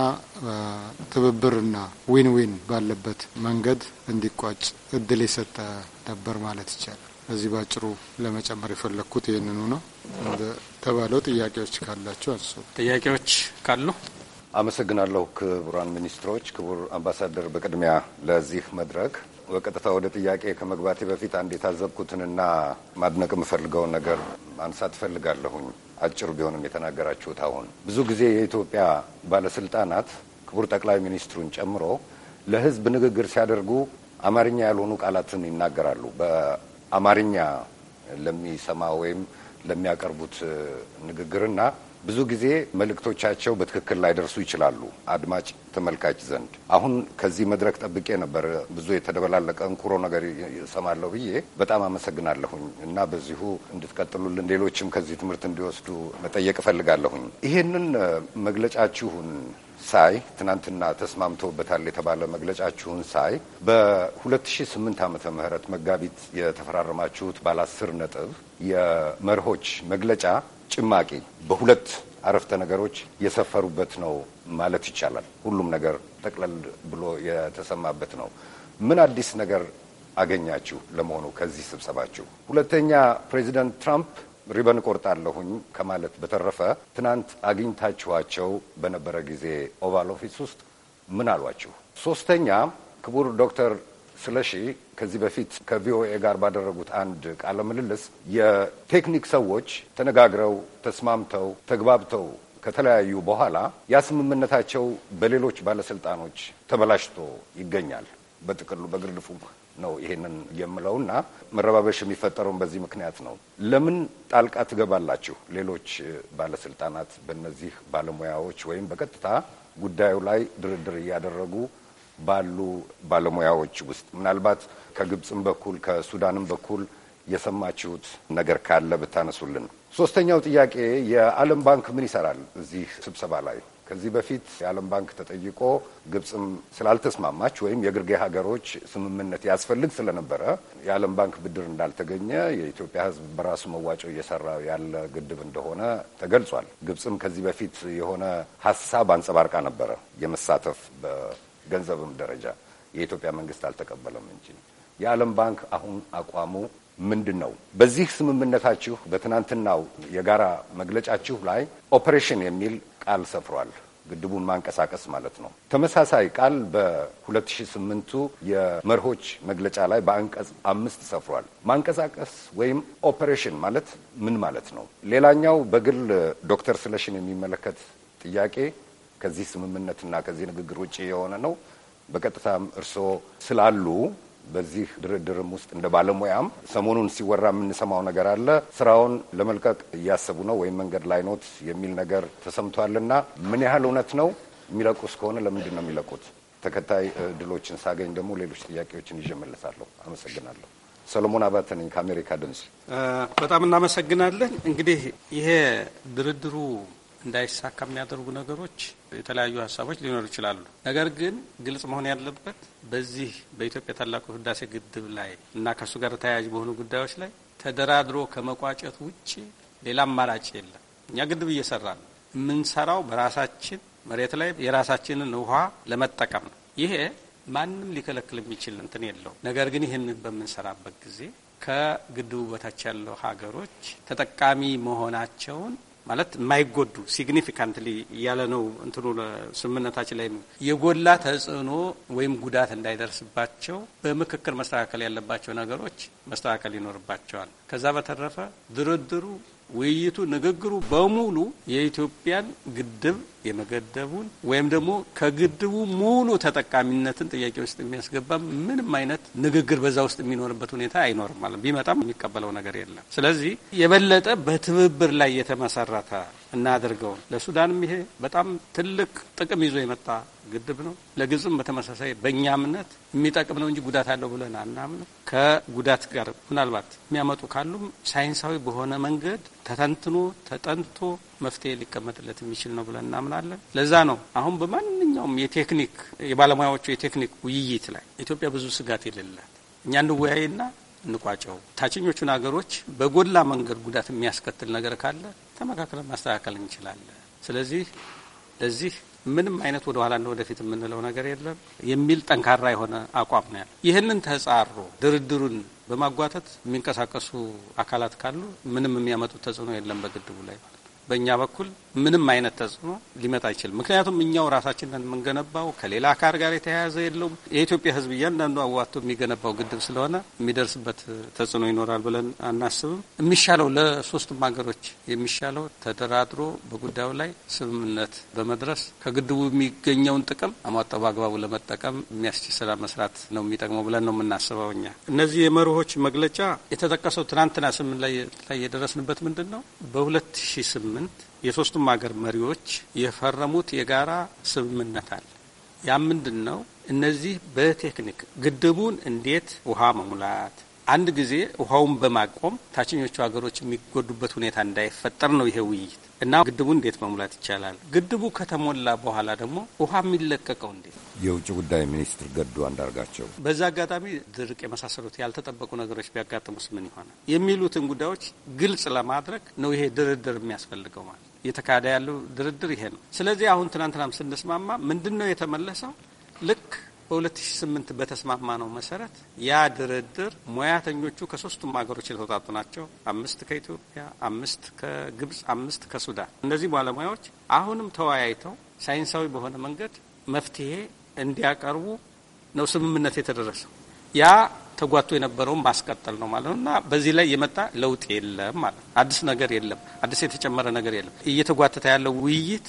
ትብብርና ዊን ዊን ባለበት መንገድ እንዲቋጭ እድል የሰጠ ነበር ማለት ይቻላል። በዚህ ባጭሩ ለመጨመር የፈለግኩት ይህንኑ ነው። እንደተባለው ጥያቄዎች ካላቸው አንሱ። ጥያቄዎች ካሉ አመሰግናለሁ። ክቡራን ሚኒስትሮች፣ ክቡር አምባሳደር፣ በቅድሚያ ለዚህ መድረክ በቀጥታ ወደ ጥያቄ ከመግባቴ በፊት አንድ የታዘብኩትንና ማድነቅ የምፈልገውን ነገር ማንሳት እፈልጋለሁኝ። አጭር ቢሆንም የተናገራችሁት አሁን ብዙ ጊዜ የኢትዮጵያ ባለስልጣናት ክቡር ጠቅላይ ሚኒስትሩን ጨምሮ ለሕዝብ ንግግር ሲያደርጉ አማርኛ ያልሆኑ ቃላትን ይናገራሉ። በአማርኛ ለሚሰማ ወይም ለሚያቀርቡት ንግግርና ብዙ ጊዜ መልእክቶቻቸው በትክክል ላይደርሱ ይችላሉ አድማጭ ተመልካች ዘንድ። አሁን ከዚህ መድረክ ጠብቄ ነበር ብዙ የተደበላለቀ እንኩሮ ነገር ይሰማለሁ ብዬ በጣም አመሰግናለሁኝ እና በዚሁ እንድትቀጥሉልን ሌሎችም ከዚህ ትምህርት እንዲወስዱ መጠየቅ እፈልጋለሁኝ። ይህንን መግለጫችሁን ሳይ ትናንትና ተስማምቶበታል የተባለ መግለጫችሁን ሳይ በ2008 ዓመተ ምህረት መጋቢት የተፈራረማችሁት ባለ አስር ነጥብ የመርሆች መግለጫ ጭማቂ በሁለት አረፍተ ነገሮች የሰፈሩበት ነው ማለት ይቻላል። ሁሉም ነገር ጠቅለል ብሎ የተሰማበት ነው። ምን አዲስ ነገር አገኛችሁ ለመሆኑ ከዚህ ስብሰባችሁ? ሁለተኛ ፕሬዚደንት ትራምፕ ሪበን ቆርጣለሁኝ ከማለት በተረፈ ትናንት አግኝታችኋቸው በነበረ ጊዜ ኦቫል ኦፊስ ውስጥ ምን አሏችሁ? ሶስተኛ ክቡር ዶክተር ስለሺ ከዚህ በፊት ከቪኦኤ ጋር ባደረጉት አንድ ቃለ ምልልስ የቴክኒክ ሰዎች ተነጋግረው ተስማምተው ተግባብተው ከተለያዩ በኋላ ያ ስምምነታቸው በሌሎች ባለስልጣኖች ተበላሽቶ ይገኛል። በጥቅሉ በግርድፉ ነው ይሄንን የምለውና መረባበሽ የሚፈጠረውን በዚህ ምክንያት ነው። ለምን ጣልቃ ትገባላችሁ? ሌሎች ባለስልጣናት በእነዚህ ባለሙያዎች ወይም በቀጥታ ጉዳዩ ላይ ድርድር እያደረጉ ባሉ ባለሙያዎች ውስጥ ምናልባት ከግብፅም በኩል ከሱዳንም በኩል የሰማችሁት ነገር ካለ ብታነሱልን። ሶስተኛው ጥያቄ የዓለም ባንክ ምን ይሰራል እዚህ ስብሰባ ላይ? ከዚህ በፊት የዓለም ባንክ ተጠይቆ ግብፅም ስላልተስማማች ወይም የግርጌ ሀገሮች ስምምነት ያስፈልግ ስለነበረ የዓለም ባንክ ብድር እንዳልተገኘ የኢትዮጵያ ሕዝብ በራሱ መዋጮ እየሰራ ያለ ግድብ እንደሆነ ተገልጿል። ግብፅም ከዚህ በፊት የሆነ ሀሳብ አንጸባርቃ ነበረ የመሳተፍ ገንዘብም ደረጃ የኢትዮጵያ መንግስት አልተቀበለም እንጂ የዓለም ባንክ አሁን አቋሙ ምንድን ነው? በዚህ ስምምነታችሁ በትናንትናው የጋራ መግለጫችሁ ላይ ኦፕሬሽን የሚል ቃል ሰፍሯል። ግድቡን ማንቀሳቀስ ማለት ነው። ተመሳሳይ ቃል በ2008ቱ የመርሆች መግለጫ ላይ በአንቀጽ አምስት ሰፍሯል። ማንቀሳቀስ ወይም ኦፕሬሽን ማለት ምን ማለት ነው? ሌላኛው በግል ዶክተር ስለሽን የሚመለከት ጥያቄ ከዚህ ስምምነትና ከዚህ ንግግር ውጭ የሆነ ነው። በቀጥታም እርስዎ ስላሉ በዚህ ድርድርም ውስጥ እንደ ባለሙያም ሰሞኑን ሲወራ የምንሰማው ነገር አለ። ስራውን ለመልቀቅ እያሰቡ ነው ወይም መንገድ ላይ ኖት የሚል ነገር ተሰምቷልና ምን ያህል እውነት ነው? የሚለቁ እስከሆነ ለምንድን ነው የሚለቁት? ተከታይ እድሎችን ሳገኝ ደግሞ ሌሎች ጥያቄዎችን ይዤ መለሳለሁ። አመሰግናለሁ። ሰሎሞን አባተ ነኝ ከአሜሪካ ድምፅ። በጣም እናመሰግናለን። እንግዲህ ይሄ ድርድሩ እንዳይሳካ የሚያደርጉ ነገሮች፣ የተለያዩ ሀሳቦች ሊኖሩ ይችላሉ። ነገር ግን ግልጽ መሆን ያለበት በዚህ በኢትዮጵያ ታላቁ ህዳሴ ግድብ ላይ እና ከእሱ ጋር ተያያዥ በሆኑ ጉዳዮች ላይ ተደራድሮ ከመቋጨት ውጭ ሌላ አማራጭ የለም። እኛ ግድብ እየሰራ ነው። የምንሰራው በራሳችን መሬት ላይ የራሳችንን ውሃ ለመጠቀም ነው። ይሄ ማንም ሊከለክል የሚችል እንትን የለው። ነገር ግን ይህንን በምንሰራበት ጊዜ ከግድቡ በታች ያለው ሀገሮች ተጠቃሚ መሆናቸውን ማለት የማይጎዱ ሲግኒፊካንትሊ እያለ ነው እንትኑ ስምምነታችን ላይ የጎላ ተጽዕኖ ወይም ጉዳት እንዳይደርስባቸው በምክክር መስተካከል ያለባቸው ነገሮች መስተካከል ይኖርባቸዋል። ከዛ በተረፈ ድርድሩ ውይይቱ፣ ንግግሩ በሙሉ የኢትዮጵያን ግድብ የመገደቡን ወይም ደግሞ ከግድቡ ሙሉ ተጠቃሚነትን ጥያቄ ውስጥ የሚያስገባ ምንም አይነት ንግግር በዛ ውስጥ የሚኖርበት ሁኔታ አይኖርም ማለት ቢመጣም የሚቀበለው ነገር የለም። ስለዚህ የበለጠ በትብብር ላይ የተመሰረተ እናድርገው። ለሱዳንም ይሄ በጣም ትልቅ ጥቅም ይዞ የመጣ ግድብ ነው። ለግብጽም በተመሳሳይ በእኛ እምነት የሚጠቅም ነው እንጂ ጉዳት አለው ብለን አናምንም። ከጉዳት ጋር ምናልባት የሚያመጡ ካሉም ሳይንሳዊ በሆነ መንገድ ተተንትኖ ተጠንቶ መፍትሄ ሊቀመጥለት የሚችል ነው ብለን እናምናለን። ለዛ ነው አሁን በማንኛውም የቴክኒክ የባለሙያዎቹ የቴክኒክ ውይይት ላይ ኢትዮጵያ ብዙ ስጋት የሌላት እኛ እንወያይና እንቋጨው። ታችኞቹን ሀገሮች በጎላ መንገድ ጉዳት የሚያስከትል ነገር ካለ ተመካክለን ማስተካከል እንችላለን። ስለዚህ ለዚህ ምንም አይነት ወደ ኋላ ወደፊት የምንለው ነገር የለም የሚል ጠንካራ የሆነ አቋም ነው ያለ። ይህንን ተጻሮ ድርድሩን በማጓተት የሚንቀሳቀሱ አካላት ካሉ ምንም የሚያመጡት ተጽዕኖ የለም በግድቡ ላይ ማለት በእኛ በኩል ምንም አይነት ተጽዕኖ ሊመጣ አይችልም። ምክንያቱም እኛው ራሳችንን የምንገነባው ከሌላ አካል ጋር የተያያዘ የለውም። የኢትዮጵያ ሕዝብ እያንዳንዱ አዋቶ የሚገነባው ግድብ ስለሆነ የሚደርስበት ተጽዕኖ ይኖራል ብለን አናስብም። የሚሻለው ለሶስቱም ሀገሮች የሚሻለው ተደራድሮ በጉዳዩ ላይ ስምምነት በመድረስ ከግድቡ የሚገኘውን ጥቅም አሟጠው በአግባቡ ለመጠቀም የሚያስችል ስራ መስራት ነው የሚጠቅመው ብለን ነው የምናስበው። እኛ እነዚህ የመርሆች መግለጫ የተጠቀሰው ትናንትና ስምምነት ላይ የደረስንበት ምንድን ነው በሁለት ሺ ስምንት ስምንት የሶስቱም አገር መሪዎች የፈረሙት የጋራ ስምምነት አለ። ያ ምንድን ነው? እነዚህ በቴክኒክ ግድቡን እንዴት ውሃ መሙላት አንድ ጊዜ ውሃውን በማቆም ታችኞቹ ሀገሮች የሚጎዱበት ሁኔታ እንዳይፈጠር ነው ይሄ ውይይት እና ግድቡ እንዴት መሙላት ይቻላል፣ ግድቡ ከተሞላ በኋላ ደግሞ ውሃ የሚለቀቀው እንዴት። የውጭ ጉዳይ ሚኒስትር ገዱ አንዳርጋቸው በዛ አጋጣሚ ድርቅ የመሳሰሉት ያልተጠበቁ ነገሮች ቢያጋጥሙስ ምን ይሆናል የሚሉትን ጉዳዮች ግልጽ ለማድረግ ነው ይሄ ድርድር የሚያስፈልገው ማለት እየተካሄደ ያለው ድርድር ይሄ ነው። ስለዚህ አሁን ትናንትናም ስንስማማ ምንድን ነው የተመለሰው ልክ በ2008 በተስማማ ነው መሰረት ያ ድርድር ሙያተኞቹ ከሶስቱም ሀገሮች የተውጣጡ ናቸው። አምስት ከኢትዮጵያ፣ አምስት ከግብጽ፣ አምስት ከሱዳን። እነዚህ ባለሙያዎች አሁንም ተወያይተው ሳይንሳዊ በሆነ መንገድ መፍትሄ እንዲያቀርቡ ነው ስምምነት የተደረሰው። ያ ተጓቶ የነበረውን ማስቀጠል ነው ማለት ነው እና በዚህ ላይ የመጣ ለውጥ የለም ማለት ነው። አዲስ ነገር የለም፣ አዲስ የተጨመረ ነገር የለም። እየተጓተተ ያለው ውይይት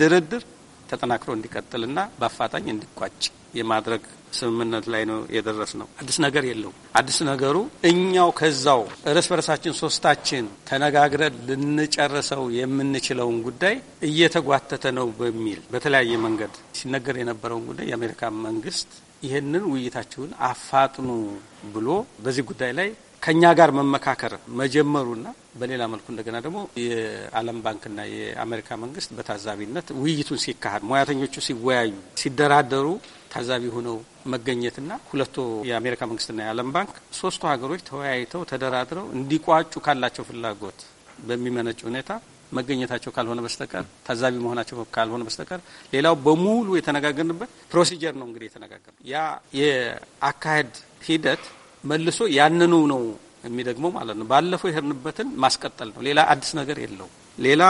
ድርድር ተጠናክሮ እንዲቀጥልና በአፋጣኝ እንዲቋጭ የማድረግ ስምምነት ላይ ነው የደረስ ነው። አዲስ ነገር የለውም። አዲስ ነገሩ እኛው ከዛው እርስ በርሳችን ሶስታችን ተነጋግረን ልንጨርሰው የምንችለውን ጉዳይ እየተጓተተ ነው በሚል በተለያየ መንገድ ሲነገር የነበረውን ጉዳይ የአሜሪካ መንግስት ይህንን ውይይታችሁን አፋጥኑ ብሎ በዚህ ጉዳይ ላይ ከእኛ ጋር መመካከር መጀመሩና በሌላ መልኩ እንደገና ደግሞ የዓለም ባንክና የአሜሪካ መንግስት በታዛቢነት ውይይቱን ሲካሄድ ሙያተኞቹ ሲወያዩ ሲደራደሩ ታዛቢ ሆነው መገኘትና ሁለቱ የአሜሪካ መንግስትና የዓለም ባንክ ሶስቱ ሀገሮች ተወያይተው ተደራድረው እንዲቋጩ ካላቸው ፍላጎት በሚመነጭ ሁኔታ መገኘታቸው ካልሆነ በስተቀር ታዛቢ መሆናቸው ካልሆነ በስተቀር ሌላው በሙሉ የተነጋገርንበት ፕሮሲጀር ነው። እንግዲህ የተነጋገር ያ የአካሄድ ሂደት መልሶ ያንኑ ነው የሚደግመው ማለት ነው። ባለፈው የሄድንበትን ማስቀጠል ነው። ሌላ አዲስ ነገር የለውም። ሌላ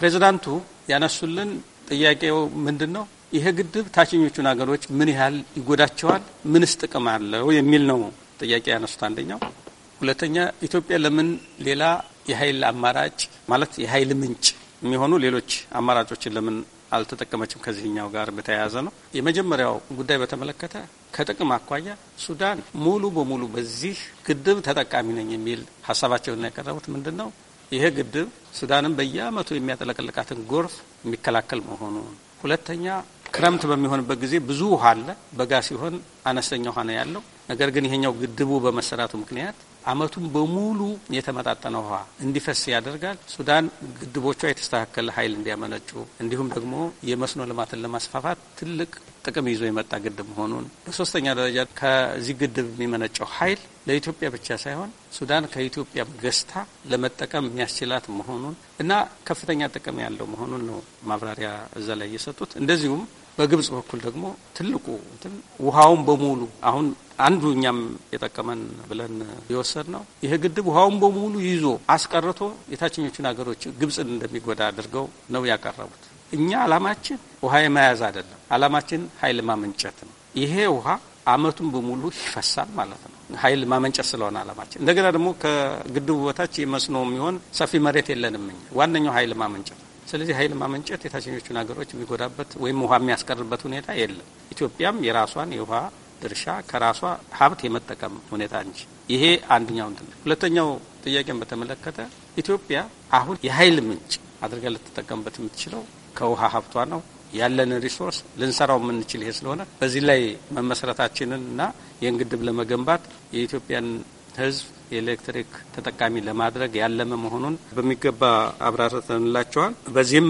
ፕሬዚዳንቱ ያነሱልን ጥያቄው ምንድን ነው? ይሄ ግድብ ታችኞቹን ሀገሮች ምን ያህል ይጎዳቸዋል? ምንስ ጥቅም አለው የሚል ነው ጥያቄ ያነሱት አንደኛው። ሁለተኛ ኢትዮጵያ ለምን ሌላ የኃይል አማራጭ ማለት የኃይል ምንጭ የሚሆኑ ሌሎች አማራጮችን ለምን አልተጠቀመችም? ከዚህኛው ጋር በተያያዘ ነው። የመጀመሪያው ጉዳይ በተመለከተ ከጥቅም አኳያ ሱዳን ሙሉ በሙሉ በዚህ ግድብ ተጠቃሚ ነኝ የሚል ሀሳባቸውን ያቀረቡት ምንድን ነው ይሄ ግድብ ሱዳንን በየአመቱ የሚያጠለቅልቃትን ጎርፍ የሚከላከል መሆኑን ሁለተኛ ክረምት በሚሆንበት ጊዜ ብዙ ውሃ አለ። በጋ ሲሆን አነስተኛ ውሃ ነው ያለው። ነገር ግን ይሄኛው ግድቡ በመሰራቱ ምክንያት አመቱን በሙሉ የተመጣጠነ ውሃ እንዲፈስ ያደርጋል። ሱዳን ግድቦቿ የተስተካከለ ኃይል እንዲያመነጩ እንዲሁም ደግሞ የመስኖ ልማትን ለማስፋፋት ትልቅ ጥቅም ይዞ የመጣ ግድብ መሆኑን፣ በሶስተኛ ደረጃ ከዚህ ግድብ የሚመነጨው ኃይል ለኢትዮጵያ ብቻ ሳይሆን ሱዳን ከኢትዮጵያ ገዝታ ለመጠቀም የሚያስችላት መሆኑን እና ከፍተኛ ጥቅም ያለው መሆኑን ነው ማብራሪያ እዛ ላይ የሰጡት እንደዚሁም በግብጽ በኩል ደግሞ ትልቁ እንትን ውሃውን በሙሉ አሁን አንዱ እኛም የጠቀመን ብለን የወሰድ ነው ይሄ ግድብ ውሃውን በሙሉ ይዞ አስቀርቶ የታችኞቹን ሀገሮች ግብጽን እንደሚጎዳ አድርገው ነው ያቀረቡት። እኛ አላማችን ውሃ የመያዝ አይደለም። አላማችን ኃይል ማመንጨት ነው። ይሄ ውሃ አመቱን በሙሉ ይፈሳል ማለት ነው። ሀይል ማመንጨት ስለሆነ አላማችን። እንደገና ደግሞ ከግድቡ በታች መስኖ የሚሆን ሰፊ መሬት የለንም። ዋነኛው ኃይል ማመንጨት ስለዚህ ኃይል ማመንጨት የታችኞቹን ሀገሮች የሚጎዳበት ወይም ውሃ የሚያስቀርበት ሁኔታ የለም። ኢትዮጵያም የራሷን የውሃ ድርሻ ከራሷ ሀብት የመጠቀም ሁኔታ እንጂ ይሄ አንደኛው እንትን። ሁለተኛው ጥያቄን በተመለከተ ኢትዮጵያ አሁን የኃይል ምንጭ አድርጋ ልትጠቀምበት የምትችለው ከውሃ ሀብቷ ነው። ያለን ሪሶርስ ልንሰራው የምንችል ይሄ ስለሆነ በዚህ ላይ መመስረታችንን እና ይህን ግድብ ለመገንባት የኢትዮጵያን ሕዝብ የኤሌክትሪክ ተጠቃሚ ለማድረግ ያለመ መሆኑን በሚገባ አብራርተንላቸዋል። በዚህም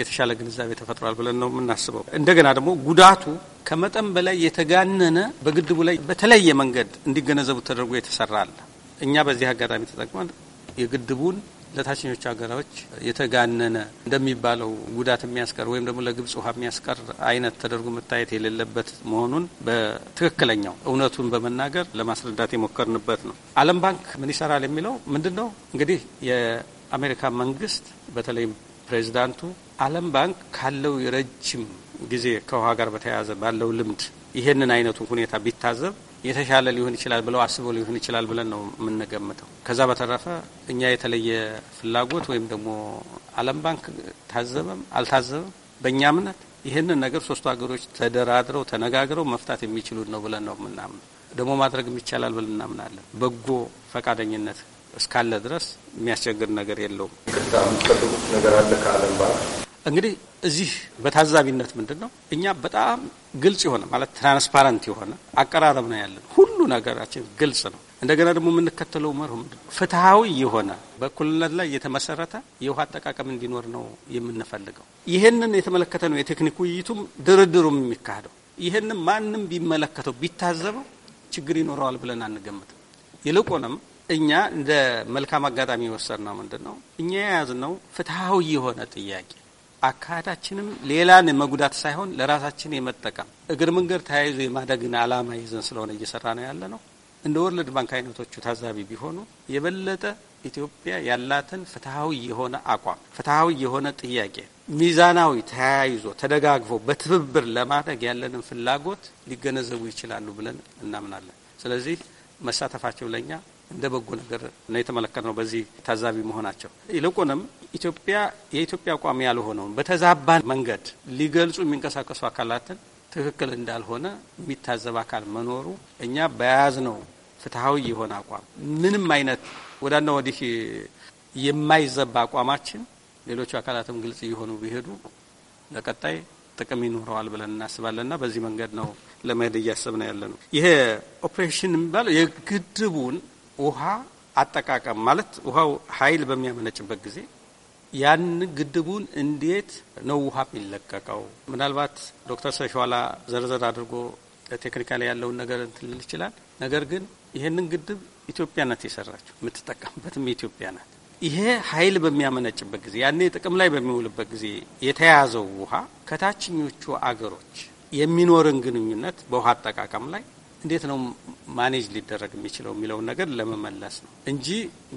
የተሻለ ግንዛቤ ተፈጥሯል ብለን ነው የምናስበው። እንደገና ደግሞ ጉዳቱ ከመጠን በላይ የተጋነነ በግድቡ ላይ በተለየ መንገድ እንዲገነዘቡ ተደርጎ የተሰራ አለ። እኛ በዚህ አጋጣሚ ተጠቅመን የግድቡን ለታችኞቹ ሀገሮች የተጋነነ እንደሚባለው ጉዳት የሚያስቀር ወይም ደግሞ ለግብጽ ውሃ የሚያስቀር አይነት ተደርጎ መታየት የሌለበት መሆኑን በትክክለኛው እውነቱን በመናገር ለማስረዳት የሞከርንበት ነው። ዓለም ባንክ ምን ይሰራል የሚለው ምንድን ነው እንግዲህ የአሜሪካ መንግስት በተለይም ፕሬዚዳንቱ ዓለም ባንክ ካለው የረጅም ጊዜ ከውሃ ጋር በተያያዘ ባለው ልምድ ይህንን አይነቱ ሁኔታ ቢታዘብ የተሻለ ሊሆን ይችላል ብለው አስበው ሊሆን ይችላል ብለን ነው የምንገምተው። ከዛ በተረፈ እኛ የተለየ ፍላጎት ወይም ደግሞ ዓለም ባንክ ታዘበም አልታዘበም በእኛ እምነት ይህንን ነገር ሶስቱ ሀገሮች ተደራድረው ተነጋግረው መፍታት የሚችሉት ነው ብለን ነው የምናምነው። ደግሞ ማድረግም ይቻላል ብለን እናምናለን። በጎ ፈቃደኝነት እስካለ ድረስ የሚያስቸግር ነገር የለውም። ነገር አለ ከዓለም ባንክ እንግዲህ እዚህ በታዛቢነት ምንድን ነው እኛ በጣም ግልጽ የሆነ ማለት ትራንስፓረንት የሆነ አቀራረብ ነው ያለን። ሁሉ ነገራችን ግልጽ ነው። እንደገና ደግሞ የምንከተለው መርሁ ምንድን ነው? ፍትሐዊ የሆነ በእኩልነት ላይ የተመሰረተ የውሃ አጠቃቀም እንዲኖር ነው የምንፈልገው። ይህንን የተመለከተ ነው የቴክኒክ ውይይቱም ድርድሩም የሚካሄደው። ይህንም ማንም ቢመለከተው ቢታዘበው ችግር ይኖረዋል ብለን አንገምትም። ይልቁንም እኛ እንደ መልካም አጋጣሚ ነው ምንድን ነው እኛ የያዝነው ፍትሐዊ የሆነ ጥያቄ አካሄዳችንም ሌላን መጉዳት ሳይሆን ለራሳችን የመጠቀም እግር መንገድ ተያይዞ የማደግን አላማ ይዘን ስለሆነ እየሰራ ነው ያለ ነው። እንደ ወርልድ ባንክ አይነቶቹ ታዛቢ ቢሆኑ የበለጠ ኢትዮጵያ ያላትን ፍትሐዊ የሆነ አቋም፣ ፍትሐዊ የሆነ ጥያቄ ሚዛናዊ ተያይዞ ተደጋግፎ በትብብር ለማድረግ ያለንን ፍላጎት ሊገነዘቡ ይችላሉ ብለን እናምናለን። ስለዚህ መሳተፋቸው ለእኛ እንደ በጎ ነገር ነው የተመለከት ነው በዚህ ታዛቢ መሆናቸው። ይልቁንም ኢትዮጵያ የኢትዮጵያ አቋም ያልሆነውን በተዛባ መንገድ ሊገልጹ የሚንቀሳቀሱ አካላትን ትክክል እንዳልሆነ የሚታዘብ አካል መኖሩ እኛ በያዝ ነው ፍትሐዊ የሆነ አቋም ምንም አይነት ወዳና ወዲህ የማይዘባ አቋማችን ሌሎቹ አካላትም ግልጽ እየሆኑ ቢሄዱ ለቀጣይ ጥቅም ይኖረዋል ብለን እናስባለንና በዚህ መንገድ ነው ለመሄድ እያሰብ ነው ያለ ነው። ይሄ ኦፕሬሽን የሚባለው የግድቡን ውሃ አጠቃቀም ማለት ውሃው ኃይል በሚያመነጭበት ጊዜ ያን ግድቡን እንዴት ነው ውሃ የሚለቀቀው? ምናልባት ዶክተር ሰሸዋላ ዘርዘር አድርጎ ቴክኒካል ያለውን ነገር እንትልል ይችላል። ነገር ግን ይህንን ግድብ ኢትዮጵያ ናት የሰራችው፣ የምትጠቀምበትም ኢትዮጵያ ናት። ይሄ ኃይል በሚያመነጭበት ጊዜ ያኔ ጥቅም ላይ በሚውልበት ጊዜ የተያዘው ውሃ ከታችኞቹ አገሮች የሚኖርን ግንኙነት በውሃ አጠቃቀም ላይ እንዴት ነው ማኔጅ ሊደረግ የሚችለው የሚለውን ነገር ለመመለስ ነው እንጂ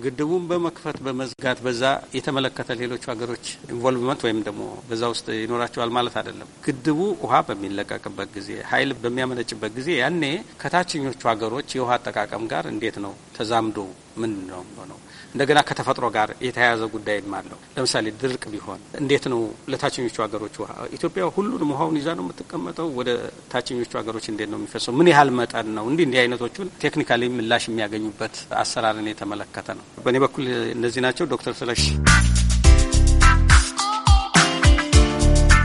ግድቡን በመክፈት በመዝጋት በዛ የተመለከተ ሌሎቹ ሀገሮች ኢንቮልቭመንት ወይም ደግሞ በዛ ውስጥ ይኖራቸዋል ማለት አይደለም። ግድቡ ውሃ በሚለቀቅበት ጊዜ፣ ኃይል በሚያመነጭበት ጊዜ ያኔ ከታችኞቹ ሀገሮች የውሃ አጠቃቀም ጋር እንዴት ነው ተዛምዶ ምን ነው ነው እንደገና ከተፈጥሮ ጋር የተያያዘ ጉዳይም አለው። ለምሳሌ ድርቅ ቢሆን እንዴት ነው ለታችኞቹ ሀገሮች ውሃ ኢትዮጵያ ሁሉንም ውሃውን ይዛ ነው የምትቀመጠው? ወደ ታችኞቹ ሀገሮች እንዴት ነው የሚፈሰው? ምን ያህል መጠን ነው? እንዲህ እንዲህ አይነቶቹን ቴክኒካሊ ምላሽ የሚያገኙበት አሰራርን የተመለከተ ነው። በእኔ በኩል እነዚህ ናቸው። ዶክተር ስለሽ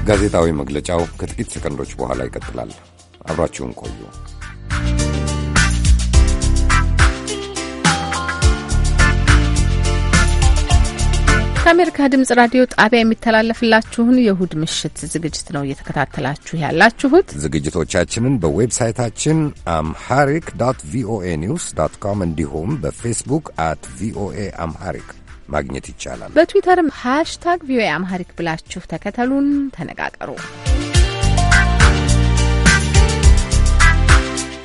ጋዜጣዊ መግለጫው ከጥቂት ሰከንዶች በኋላ ይቀጥላል። አብራችሁን ቆዩ። ከአሜሪካ ድምጽ ራዲዮ ጣቢያ የሚተላለፍላችሁን የእሁድ ምሽት ዝግጅት ነው እየተከታተላችሁ ያላችሁት። ዝግጅቶቻችንን በዌብሳይታችን አምሃሪክ ዶት ቪኦኤ ኒውስ ዶት ኮም እንዲሁም በፌስቡክ አት ቪኦኤ አምሃሪክ ማግኘት ይቻላል። በትዊተርም ሃሽታግ ቪኦኤ አምሃሪክ ብላችሁ ተከተሉን፣ ተነጋገሩ።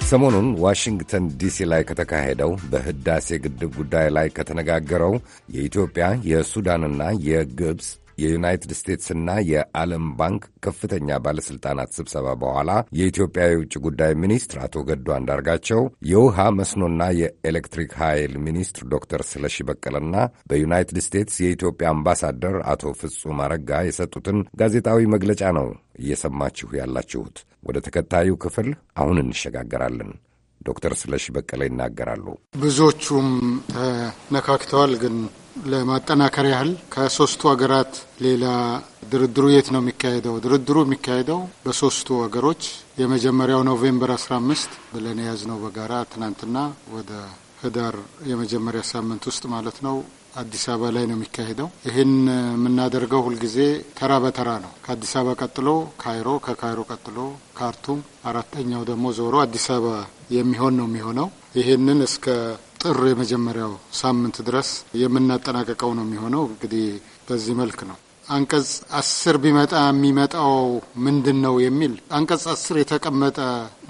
ሰሞኑን ዋሽንግተን ዲሲ ላይ ከተካሄደው በህዳሴ ግድብ ጉዳይ ላይ ከተነጋገረው የኢትዮጵያ የሱዳንና የግብፅ የዩናይትድ ስቴትስና የዓለም ባንክ ከፍተኛ ባለሥልጣናት ስብሰባ በኋላ የኢትዮጵያ የውጭ ጉዳይ ሚኒስትር አቶ ገዱ አንዳርጋቸው የውሃ መስኖና የኤሌክትሪክ ኃይል ሚኒስትር ዶክተር ስለሺ በቀለና በዩናይትድ ስቴትስ የኢትዮጵያ አምባሳደር አቶ ፍጹም አረጋ የሰጡትን ጋዜጣዊ መግለጫ ነው እየሰማችሁ ያላችሁት። ወደ ተከታዩ ክፍል አሁን እንሸጋገራለን። ዶክተር ስለሺ በቀለ ይናገራሉ። ብዙዎቹም ተነካክተዋል ግን ለማጠናከር ያህል ከሶስቱ ሀገራት ሌላ ድርድሩ የት ነው የሚካሄደው? ድርድሩ የሚካሄደው በሶስቱ ሀገሮች የመጀመሪያው ኖቬምበር 15 ብለን የያዝነው በጋራ ትናንትና ወደ ህዳር የመጀመሪያ ሳምንት ውስጥ ማለት ነው አዲስ አበባ ላይ ነው የሚካሄደው። ይህን የምናደርገው ሁልጊዜ ተራ በተራ ነው። ከአዲስ አበባ ቀጥሎ ካይሮ፣ ከካይሮ ቀጥሎ ካርቱም፣ አራተኛው ደግሞ ዞሮ አዲስ አበባ የሚሆን ነው የሚሆነው። ይህንን እስከ ጥር የመጀመሪያው ሳምንት ድረስ የምናጠናቀቀው ነው የሚሆነው። እንግዲህ በዚህ መልክ ነው አንቀጽ አስር ቢመጣ የሚመጣው ምንድን ነው የሚል አንቀጽ አስር የተቀመጠ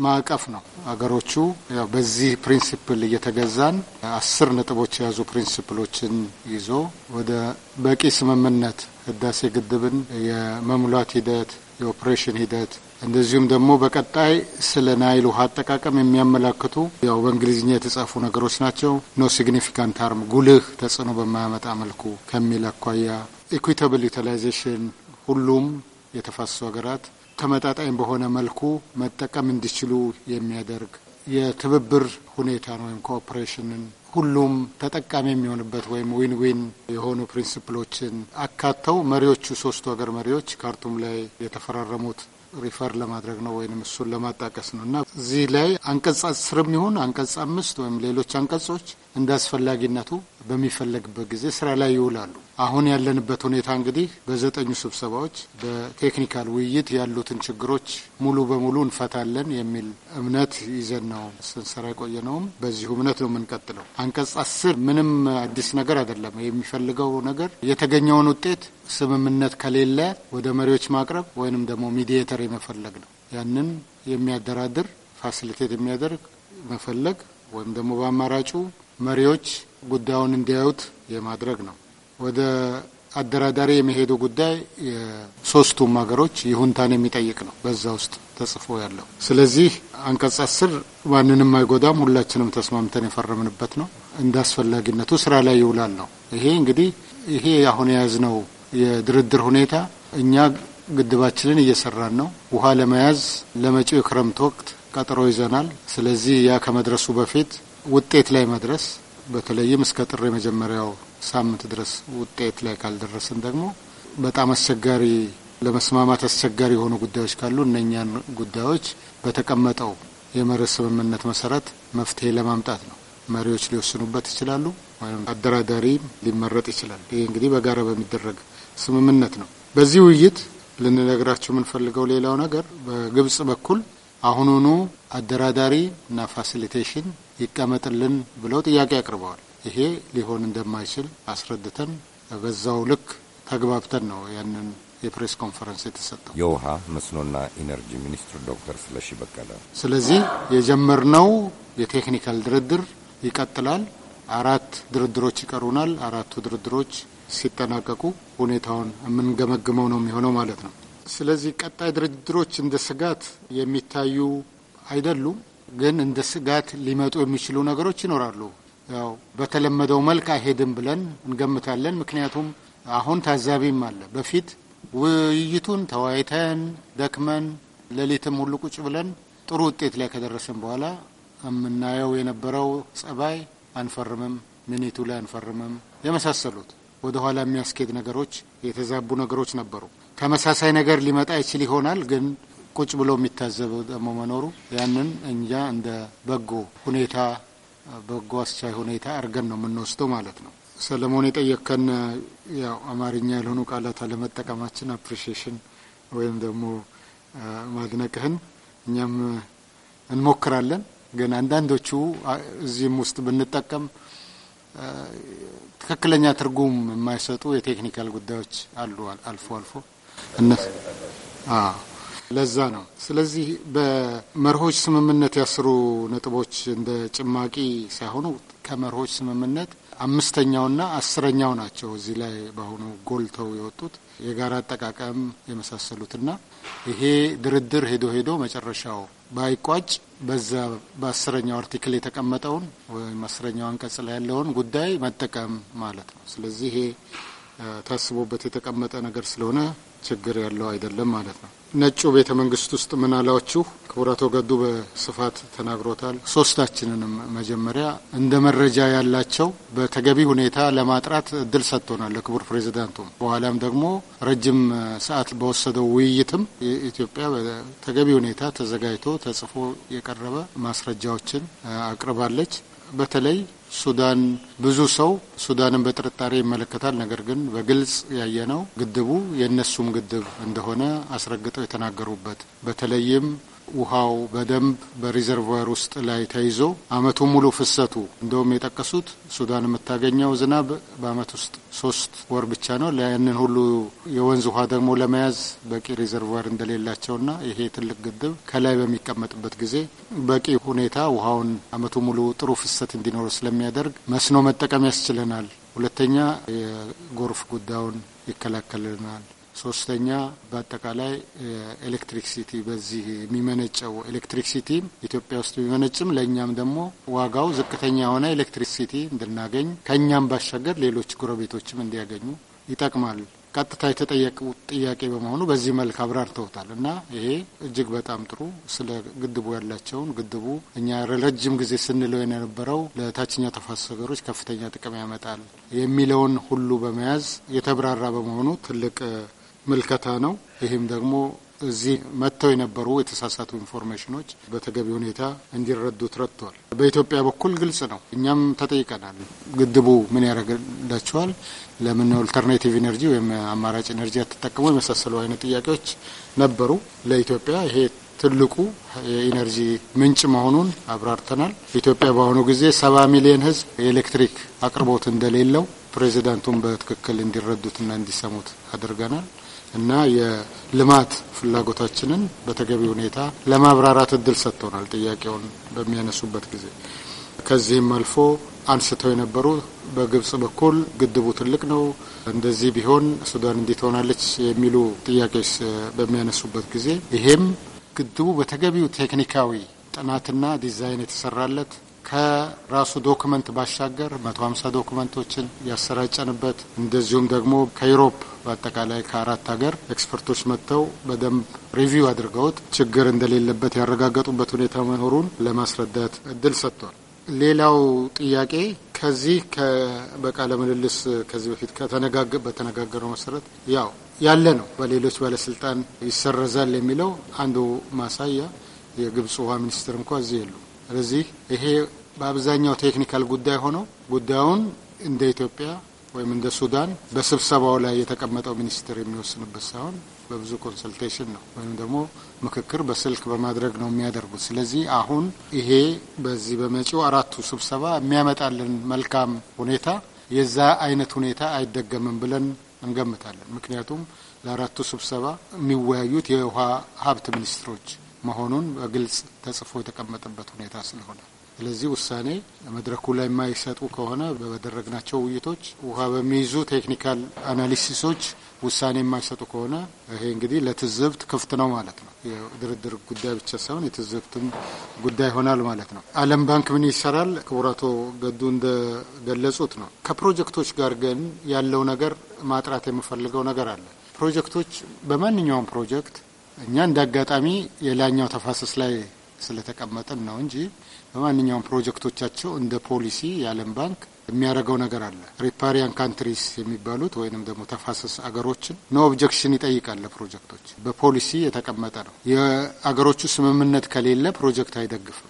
ማዕቀፍ ነው። አገሮቹ ያው በዚህ ፕሪንሲፕል እየተገዛን አስር ነጥቦች የያዙ ፕሪንሲፕሎችን ይዞ ወደ በቂ ስምምነት ህዳሴ ግድብን የመሙላት ሂደት የኦፕሬሽን ሂደት እንደዚሁም ደግሞ በቀጣይ ስለ ናይል ውሃ አጠቃቀም የሚያመላክቱ ያው በእንግሊዝኛ የተጻፉ ነገሮች ናቸው። ኖ ሲግኒፊካንት ሃርም ጉልህ ተጽዕኖ በማያመጣ መልኩ ከሚል አኳያ ኢኩዊታብል ዩቲላይዜሽን ሁሉም የተፋሰሱ ሀገራት ተመጣጣኝ በሆነ መልኩ መጠቀም እንዲችሉ የሚያደርግ የትብብር ሁኔታን ወይም ኮኦፕሬሽንን ሁሉም ተጠቃሚ የሚሆንበት ወይም ዊን ዊን የሆኑ ፕሪንስፕሎችን አካተው መሪዎቹ ሶስቱ ሀገር መሪዎች ካርቱም ላይ የተፈራረሙት ሪፈር ለማድረግ ነው ወይም እሱን ለማጣቀስ ነው እና እዚህ ላይ አንቀጽ አስርም ይሁን አንቀጽ አምስት ወይም ሌሎች አንቀጾች እንደ አስፈላጊነቱ በሚፈለግበት ጊዜ ስራ ላይ ይውላሉ። አሁን ያለንበት ሁኔታ እንግዲህ በዘጠኙ ስብሰባዎች በቴክኒካል ውይይት ያሉትን ችግሮች ሙሉ በሙሉ እንፈታለን የሚል እምነት ይዘን ነው ስንሰራ የቆየ ነውም በዚሁ እምነት ነው የምንቀጥለው። አንቀጽ አስር ምንም አዲስ ነገር አይደለም። የሚፈልገው ነገር የተገኘውን ውጤት ስምምነት ከሌለ ወደ መሪዎች ማቅረብ ወይንም ደግሞ ሚዲየተር የመፈለግ ነው። ያንን የሚያደራድር ፋሲሊቴት የሚያደርግ መፈለግ ወይም ደግሞ በአማራጩ መሪዎች ጉዳዩን እንዲያዩት የማድረግ ነው። ወደ አደራዳሪ የሚሄዱ ጉዳይ የሶስቱም ሀገሮች ይሁንታን የሚጠይቅ ነው በዛ ውስጥ ተጽፎ ያለው። ስለዚህ አንቀጽ አስር ማንንም አይጎዳም፣ ሁላችንም ተስማምተን የፈረምንበት ነው። እንደ አስፈላጊነቱ ስራ ላይ ይውላል ነው። ይሄ እንግዲህ ይሄ አሁን የያዝነው የድርድር ሁኔታ እኛ ግድባችንን እየሰራን ነው። ውሃ ለመያዝ ለመጪው የክረምት ወቅት ቀጠሮ ይዘናል። ስለዚህ ያ ከመድረሱ በፊት ውጤት ላይ መድረስ በተለይም እስከ ጥር የመጀመሪያው ሳምንት ድረስ ውጤት ላይ ካልደረስን ደግሞ በጣም አስቸጋሪ ለመስማማት አስቸጋሪ የሆኑ ጉዳዮች ካሉ እነኛን ጉዳዮች በተቀመጠው የመርህ ስምምነት መሰረት መፍትሄ ለማምጣት ነው። መሪዎች ሊወስኑበት ይችላሉ ወይም አደራዳሪ ሊመረጥ ይችላል። ይህ እንግዲህ በጋራ በሚደረግ ስምምነት ነው። በዚህ ውይይት ልንነግራቸው የምንፈልገው ሌላው ነገር በግብጽ በኩል አሁኑኑ አደራዳሪ እና ፋሲሊቴሽን ይቀመጥልን ብለው ጥያቄ አቅርበዋል። ይሄ ሊሆን እንደማይችል አስረድተን በዛው ልክ ተግባብተን ነው ያንን የፕሬስ ኮንፈረንስ የተሰጠው የውሃ መስኖና ኢነርጂ ሚኒስትር ዶክተር ስለሺ በቀለ። ስለዚህ የጀመርነው የቴክኒካል ድርድር ይቀጥላል። አራት ድርድሮች ይቀሩናል። አራቱ ድርድሮች ሲጠናቀቁ ሁኔታውን የምንገመግመው ነው የሚሆነው ማለት ነው። ስለዚህ ቀጣይ ድርድሮች እንደ ስጋት የሚታዩ አይደሉም። ግን እንደ ስጋት ሊመጡ የሚችሉ ነገሮች ይኖራሉ። ያው በተለመደው መልክ አይሄድም ብለን እንገምታለን። ምክንያቱም አሁን ታዛቢም አለ። በፊት ውይይቱን ተወያይተን ደክመን ሌሊትም ሁሉ ቁጭ ብለን ጥሩ ውጤት ላይ ከደረስን በኋላ የምናየው የነበረው ጸባይ አንፈርምም፣ ሚኒቱ ላይ አንፈርምም የመሳሰሉት ወደኋላ የሚያስኬድ ነገሮች፣ የተዛቡ ነገሮች ነበሩ። ተመሳሳይ ነገር ሊመጣ ይችል ይሆናል ግን ቁጭ ብሎ የሚታዘበው ደግሞ መኖሩ ያንን እኛ እንደ በጎ ሁኔታ በጎ አስቻይ ሁኔታ አድርገን ነው የምንወስደው ማለት ነው። ሰለሞን የጠየከን ያው አማርኛ ያልሆኑ ቃላት አለመጠቀማችን አፕሪሺዬሽን ወይም ደግሞ ማድነቅህን እኛም እንሞክራለን። ግን አንዳንዶቹ እዚህም ውስጥ ብንጠቀም ትክክለኛ ትርጉም የማይሰጡ የቴክኒካል ጉዳዮች አሉ አልፎ አልፎ እነሱ ለዛ ነው። ስለዚህ በመርሆች ስምምነት ያስሩ ነጥቦች እንደ ጭማቂ ሳይሆኑ ከመርሆች ስምምነት አምስተኛውና አስረኛው ናቸው። እዚህ ላይ በአሁኑ ጎልተው የወጡት የጋራ አጠቃቀም የመሳሰሉትና ይሄ ድርድር ሄዶ ሄዶ መጨረሻው ባይቋጭ በዛ በአስረኛው አርቲክል የተቀመጠውን ወይም አስረኛው አንቀጽ ላይ ያለውን ጉዳይ መጠቀም ማለት ነው። ስለዚህ ይሄ ታስቦበት የተቀመጠ ነገር ስለሆነ ችግር ያለው አይደለም ማለት ነው። ነጩ ቤተ መንግስት ውስጥ አላችሁ? ክቡር አቶ ገዱ በስፋት ተናግሮታል። ሶስታችንንም መጀመሪያ እንደ መረጃ ያላቸው በተገቢ ሁኔታ ለማጥራት እድል ሰጥቶናል ለክቡር ፕሬዚዳንቱም። በኋላም ደግሞ ረጅም ሰዓት በወሰደው ውይይትም ኢትዮጵያ በተገቢ ሁኔታ ተዘጋጅቶ ተጽፎ የቀረበ ማስረጃዎችን አቅርባለች። በተለይ ሱዳን ብዙ ሰው ሱዳንን በጥርጣሬ ይመለከታል። ነገር ግን በግልጽ ያየነው ግድቡ የእነሱም ግድብ እንደሆነ አስረግጠው የተናገሩበት በተለይም ውሃው በደንብ በሪዘርቫር ውስጥ ላይ ተይዞ አመቱ ሙሉ ፍሰቱ እንደውም የጠቀሱት ሱዳን የምታገኘው ዝናብ በአመት ውስጥ ሶስት ወር ብቻ ነው። ያንን ሁሉ የወንዝ ውሃ ደግሞ ለመያዝ በቂ ሪዘርቫር እንደሌላቸውና ይሄ ትልቅ ግድብ ከላይ በሚቀመጥበት ጊዜ በቂ ሁኔታ ውሃውን አመቱ ሙሉ ጥሩ ፍሰት እንዲኖረው ስለሚያደርግ መስኖ መጠቀም ያስችለናል። ሁለተኛ የጎርፍ ጉዳዩን ይከላከልናል። ሶስተኛ በአጠቃላይ ኤሌክትሪክ ሲቲ በዚህ የሚመነጨው ኤሌክትሪክ ሲቲ ኢትዮጵያ ውስጥ ቢመነጭም ለእኛም ደግሞ ዋጋው ዝቅተኛ የሆነ ኤሌክትሪክ ሲቲ እንድናገኝ ከእኛም ባሻገር ሌሎች ጎረቤቶችም እንዲያገኙ ይጠቅማል። ቀጥታ የተጠየቁ ጥያቄ በመሆኑ በዚህ መልክ አብራርተውታል እና ይሄ እጅግ በጣም ጥሩ ስለ ግድቡ ያላቸውን ግድቡ እኛ ረጅም ጊዜ ስንለው የነበረው ለታችኛው ተፋሰስ ሀገሮች ከፍተኛ ጥቅም ያመጣል የሚለውን ሁሉ በመያዝ የተብራራ በመሆኑ ትልቅ ምልከታ ነው። ይህም ደግሞ እዚህ መጥተው የነበሩ የተሳሳቱ ኢንፎርሜሽኖች በተገቢ ሁኔታ እንዲረዱት ረድቷል። በኢትዮጵያ በኩል ግልጽ ነው። እኛም ተጠይቀናል። ግድቡ ምን ያደረግላቸዋል? ለምን ኦልተርኔቲቭ ኢነርጂ ወይም አማራጭ ኢነርጂ አትጠቀሙ? የመሳሰሉ አይነት ጥያቄዎች ነበሩ። ለኢትዮጵያ ይሄ ትልቁ የኢነርጂ ምንጭ መሆኑን አብራርተናል። ኢትዮጵያ በአሁኑ ጊዜ ሰባ ሚሊዮን ህዝብ የኤሌክትሪክ አቅርቦት እንደሌለው ፕሬዚዳንቱን በትክክል እንዲረዱትና እንዲሰሙት አድርገናል። እና የልማት ፍላጎታችንን በተገቢ ሁኔታ ለማብራራት እድል ሰጥቶናል። ጥያቄውን በሚያነሱበት ጊዜ ከዚህም አልፎ አንስተው የነበሩ በግብጽ በኩል ግድቡ ትልቅ ነው፣ እንደዚህ ቢሆን ሱዳን እንዴት ሆናለች የሚሉ ጥያቄዎች በሚያነሱበት ጊዜ ይሄም ግድቡ በተገቢው ቴክኒካዊ ጥናትና ዲዛይን የተሰራለት ከራሱ ዶክመንት ባሻገር 150 ዶክመንቶችን ያሰራጨንበት እንደዚሁም ደግሞ ከዩሮፕ በአጠቃላይ ከአራት ሀገር ኤክስፐርቶች መጥተው በደንብ ሪቪው አድርገውት ችግር እንደሌለበት ያረጋገጡበት ሁኔታ መኖሩን ለማስረዳት እድል ሰጥቷል። ሌላው ጥያቄ ከዚህ በቃለ ምልልስ ከዚህ በፊት በተነጋገረው መሰረት ያው ያለ ነው በሌሎች ባለስልጣን ይሰረዛል የሚለው አንዱ ማሳያ የግብጽ ውሃ ሚኒስትር እንኳ እዚህ የሉም። ስለዚህ ይሄ በአብዛኛው ቴክኒካል ጉዳይ ሆኖ ጉዳዩን እንደ ኢትዮጵያ ወይም እንደ ሱዳን በስብሰባው ላይ የተቀመጠው ሚኒስትር የሚወስንበት ሳይሆን በብዙ ኮንሰልቴሽን ነው ወይም ደግሞ ምክክር በስልክ በማድረግ ነው የሚያደርጉት። ስለዚህ አሁን ይሄ በዚህ በመጪው አራቱ ስብሰባ የሚያመጣልን መልካም ሁኔታ የዛ አይነት ሁኔታ አይደገምም ብለን እንገምታለን። ምክንያቱም ለአራቱ ስብሰባ የሚወያዩት የውሃ ሀብት ሚኒስትሮች መሆኑን በግልጽ ተጽፎ የተቀመጠበት ሁኔታ ስለሆነ ስለዚህ ውሳኔ መድረኩ ላይ የማይሰጡ ከሆነ በደረግናቸው ውይይቶች ውሃ በሚይዙ ቴክኒካል አናሊሲሶች ውሳኔ የማይሰጡ ከሆነ ይሄ እንግዲህ ለትዝብት ክፍት ነው ማለት ነው። የድርድር ጉዳይ ብቻ ሳይሆን የትዝብትም ጉዳይ ይሆናል ማለት ነው። ዓለም ባንክ ምን ይሰራል? ክቡር አቶ ገዱ እንደገለጹት ነው። ከፕሮጀክቶች ጋር ግን ያለው ነገር ማጥራት የምፈልገው ነገር አለ። ፕሮጀክቶች በማንኛውም ፕሮጀክት እኛ እንደ አጋጣሚ የላኛው ተፋሰስ ላይ ስለተቀመጠን ነው እንጂ በማንኛውም ፕሮጀክቶቻቸው እንደ ፖሊሲ የዓለም ባንክ የሚያደርገው ነገር አለ። ሪፓሪያን ካንትሪስ የሚባሉት ወይንም ደግሞ ተፋሰስ አገሮችን ኖ ኦብጀክሽን ይጠይቃል። ለፕሮጀክቶች በፖሊሲ የተቀመጠ ነው። የአገሮቹ ስምምነት ከሌለ ፕሮጀክት አይደግፍም።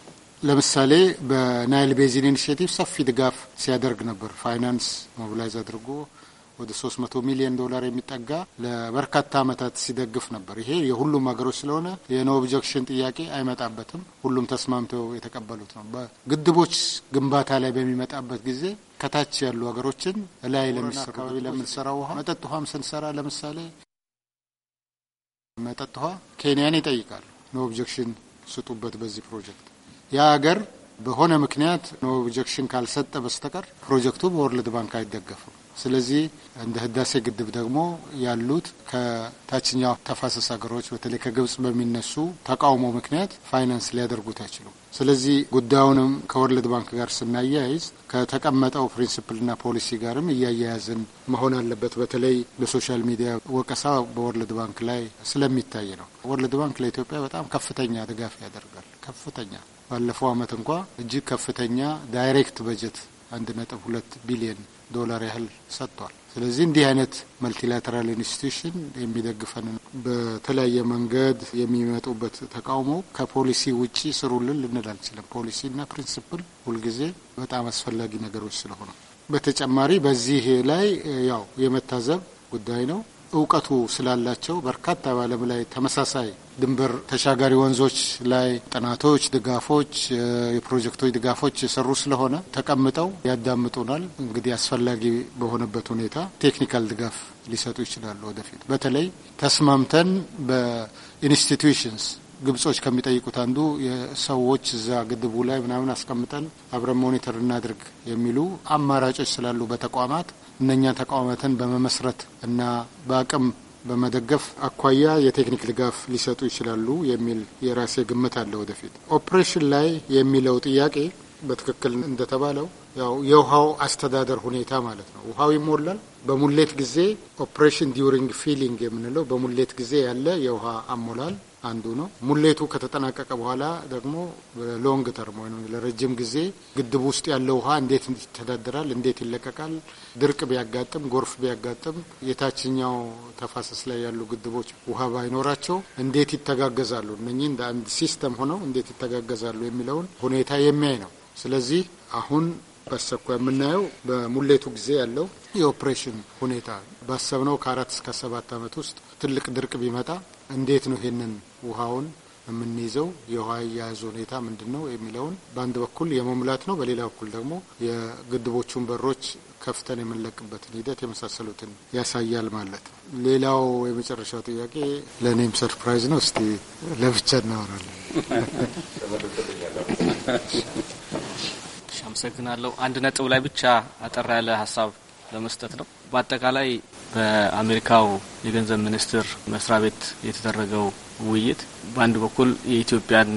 ለምሳሌ በናይል ቤዚን ኢኒሽቲቭ ሰፊ ድጋፍ ሲያደርግ ነበር። ፋይናንስ ሞቢላይዝ አድርጎ ወደ 300 ሚሊዮን ዶላር የሚጠጋ ለበርካታ አመታት ሲደግፍ ነበር። ይሄ የሁሉም ሀገሮች ስለሆነ የኖ ኦብጀክሽን ጥያቄ አይመጣበትም። ሁሉም ተስማምተው የተቀበሉት ነው። በግድቦች ግንባታ ላይ በሚመጣበት ጊዜ ከታች ያሉ ሀገሮችን ላይ ለሚሰሩ ለምንሰራ ውሃ መጠጥ ውሃም ስንሰራ ለምሳሌ መጠጥ ውሃ ኬንያን ይጠይቃሉ። ኖ ኦብጀክሽን ስጡበት በዚህ ፕሮጀክት ያ ሀገር በሆነ ምክንያት ኖ ኦብጀክሽን ካልሰጠ በስተቀር ፕሮጀክቱ በወርልድ ባንክ አይደገፍም። ስለዚህ እንደ ህዳሴ ግድብ ደግሞ ያሉት ከታችኛው ተፋሰስ ሀገሮች በተለይ ከግብጽ በሚነሱ ተቃውሞ ምክንያት ፋይናንስ ሊያደርጉት አይችሉም። ስለዚህ ጉዳዩንም ከወርልድ ባንክ ጋር ስናያይዝ ከተቀመጠው ፕሪንስፕልና ፖሊሲ ጋርም እያያያዝን መሆን አለበት። በተለይ በሶሻል ሚዲያ ወቀሳ በወርልድ ባንክ ላይ ስለሚታይ ነው። ወርልድ ባንክ ለኢትዮጵያ በጣም ከፍተኛ ድጋፍ ያደርጋል። ከፍተኛ ባለፈው አመት እንኳ እጅግ ከፍተኛ ዳይሬክት በጀት አንድ ነጥብ ሁለት ቢሊዮን ዶላር ያህል ሰጥቷል። ስለዚህ እንዲህ አይነት መልቲላተራል ኢንስቲትዩሽን የሚደግፈን በተለያየ መንገድ የሚመጡበት ተቃውሞ ከፖሊሲ ውጪ ስሩልን ልንል ፖሊሲ ፖሊሲና ፕሪንስፕል ሁልጊዜ በጣም አስፈላጊ ነገሮች ስለሆኑ በተጨማሪ በዚህ ላይ ያው የመታዘብ ጉዳይ ነው። እውቀቱ ስላላቸው በርካታ በዓለም ላይ ተመሳሳይ ድንበር ተሻጋሪ ወንዞች ላይ ጥናቶች፣ ድጋፎች፣ የፕሮጀክቶች ድጋፎች የሰሩ ስለሆነ ተቀምጠው ያዳምጡናል። እንግዲህ አስፈላጊ በሆነበት ሁኔታ ቴክኒካል ድጋፍ ሊሰጡ ይችላሉ። ወደፊት በተለይ ተስማምተን በኢንስቲትዩሽንስ ግብጾች ከሚጠይቁት አንዱ የሰዎች እዛ ግድቡ ላይ ምናምን አስቀምጠን አብረን ሞኒተር እናድርግ የሚሉ አማራጮች ስላሉ በተቋማት እነኛ ተቋማትን በመመስረት እና በአቅም በመደገፍ አኳያ የቴክኒክ ድጋፍ ሊሰጡ ይችላሉ የሚል የራሴ ግምት አለ። ወደፊት ኦፕሬሽን ላይ የሚለው ጥያቄ በትክክል እንደተባለው ያው የውሃው አስተዳደር ሁኔታ ማለት ነው። ውሃው ይሞላል። በሙሌት ጊዜ ኦፕሬሽን ዲሪንግ ፊሊንግ የምንለው በሙሌት ጊዜ ያለ የውሃ አሞላል አንዱ ነው። ሙሌቱ ከተጠናቀቀ በኋላ ደግሞ ሎንግ ተርም ወይም ለረጅም ጊዜ ግድብ ውስጥ ያለው ውሃ እንዴት ይተዳደራል፣ እንዴት ይለቀቃል፣ ድርቅ ቢያጋጥም፣ ጎርፍ ቢያጋጥም የታችኛው ተፋሰስ ላይ ያሉ ግድቦች ውሃ ባይኖራቸው እንዴት ይተጋገዛሉ፣ እነኚህ እንደ አንድ ሲስተም ሆነው እንዴት ይተጋገዛሉ የሚለውን ሁኔታ የሚያይ ነው። ስለዚህ አሁን በአስቸኳይ የምናየው በሙሌቱ ጊዜ ያለው የኦፕሬሽን ሁኔታ ባሰብነው ከአራት እስከ ሰባት ዓመት ውስጥ ትልቅ ድርቅ ቢመጣ እንዴት ነው ይሄንን ውሃውን የምንይዘው የውሃ አያያዝ ሁኔታ ምንድን ነው የሚለውን በአንድ በኩል የመሙላት ነው፣ በሌላ በኩል ደግሞ የግድቦቹን በሮች ከፍተን የምንለቅበትን ሂደት የመሳሰሉትን ያሳያል ማለት ነው። ሌላው የመጨረሻው ጥያቄ ለእኔም ሰርፕራይዝ ነው። እስቲ ለብቻ እናወራለን። አመሰግናለሁ። አንድ ነጥብ ላይ ብቻ አጠር ያለ ሀሳብ ለመስጠት ነው። በአጠቃላይ በአሜሪካው የገንዘብ ሚኒስትር መስሪያ ቤት የተደረገው ውይይት በአንድ በኩል የኢትዮጵያን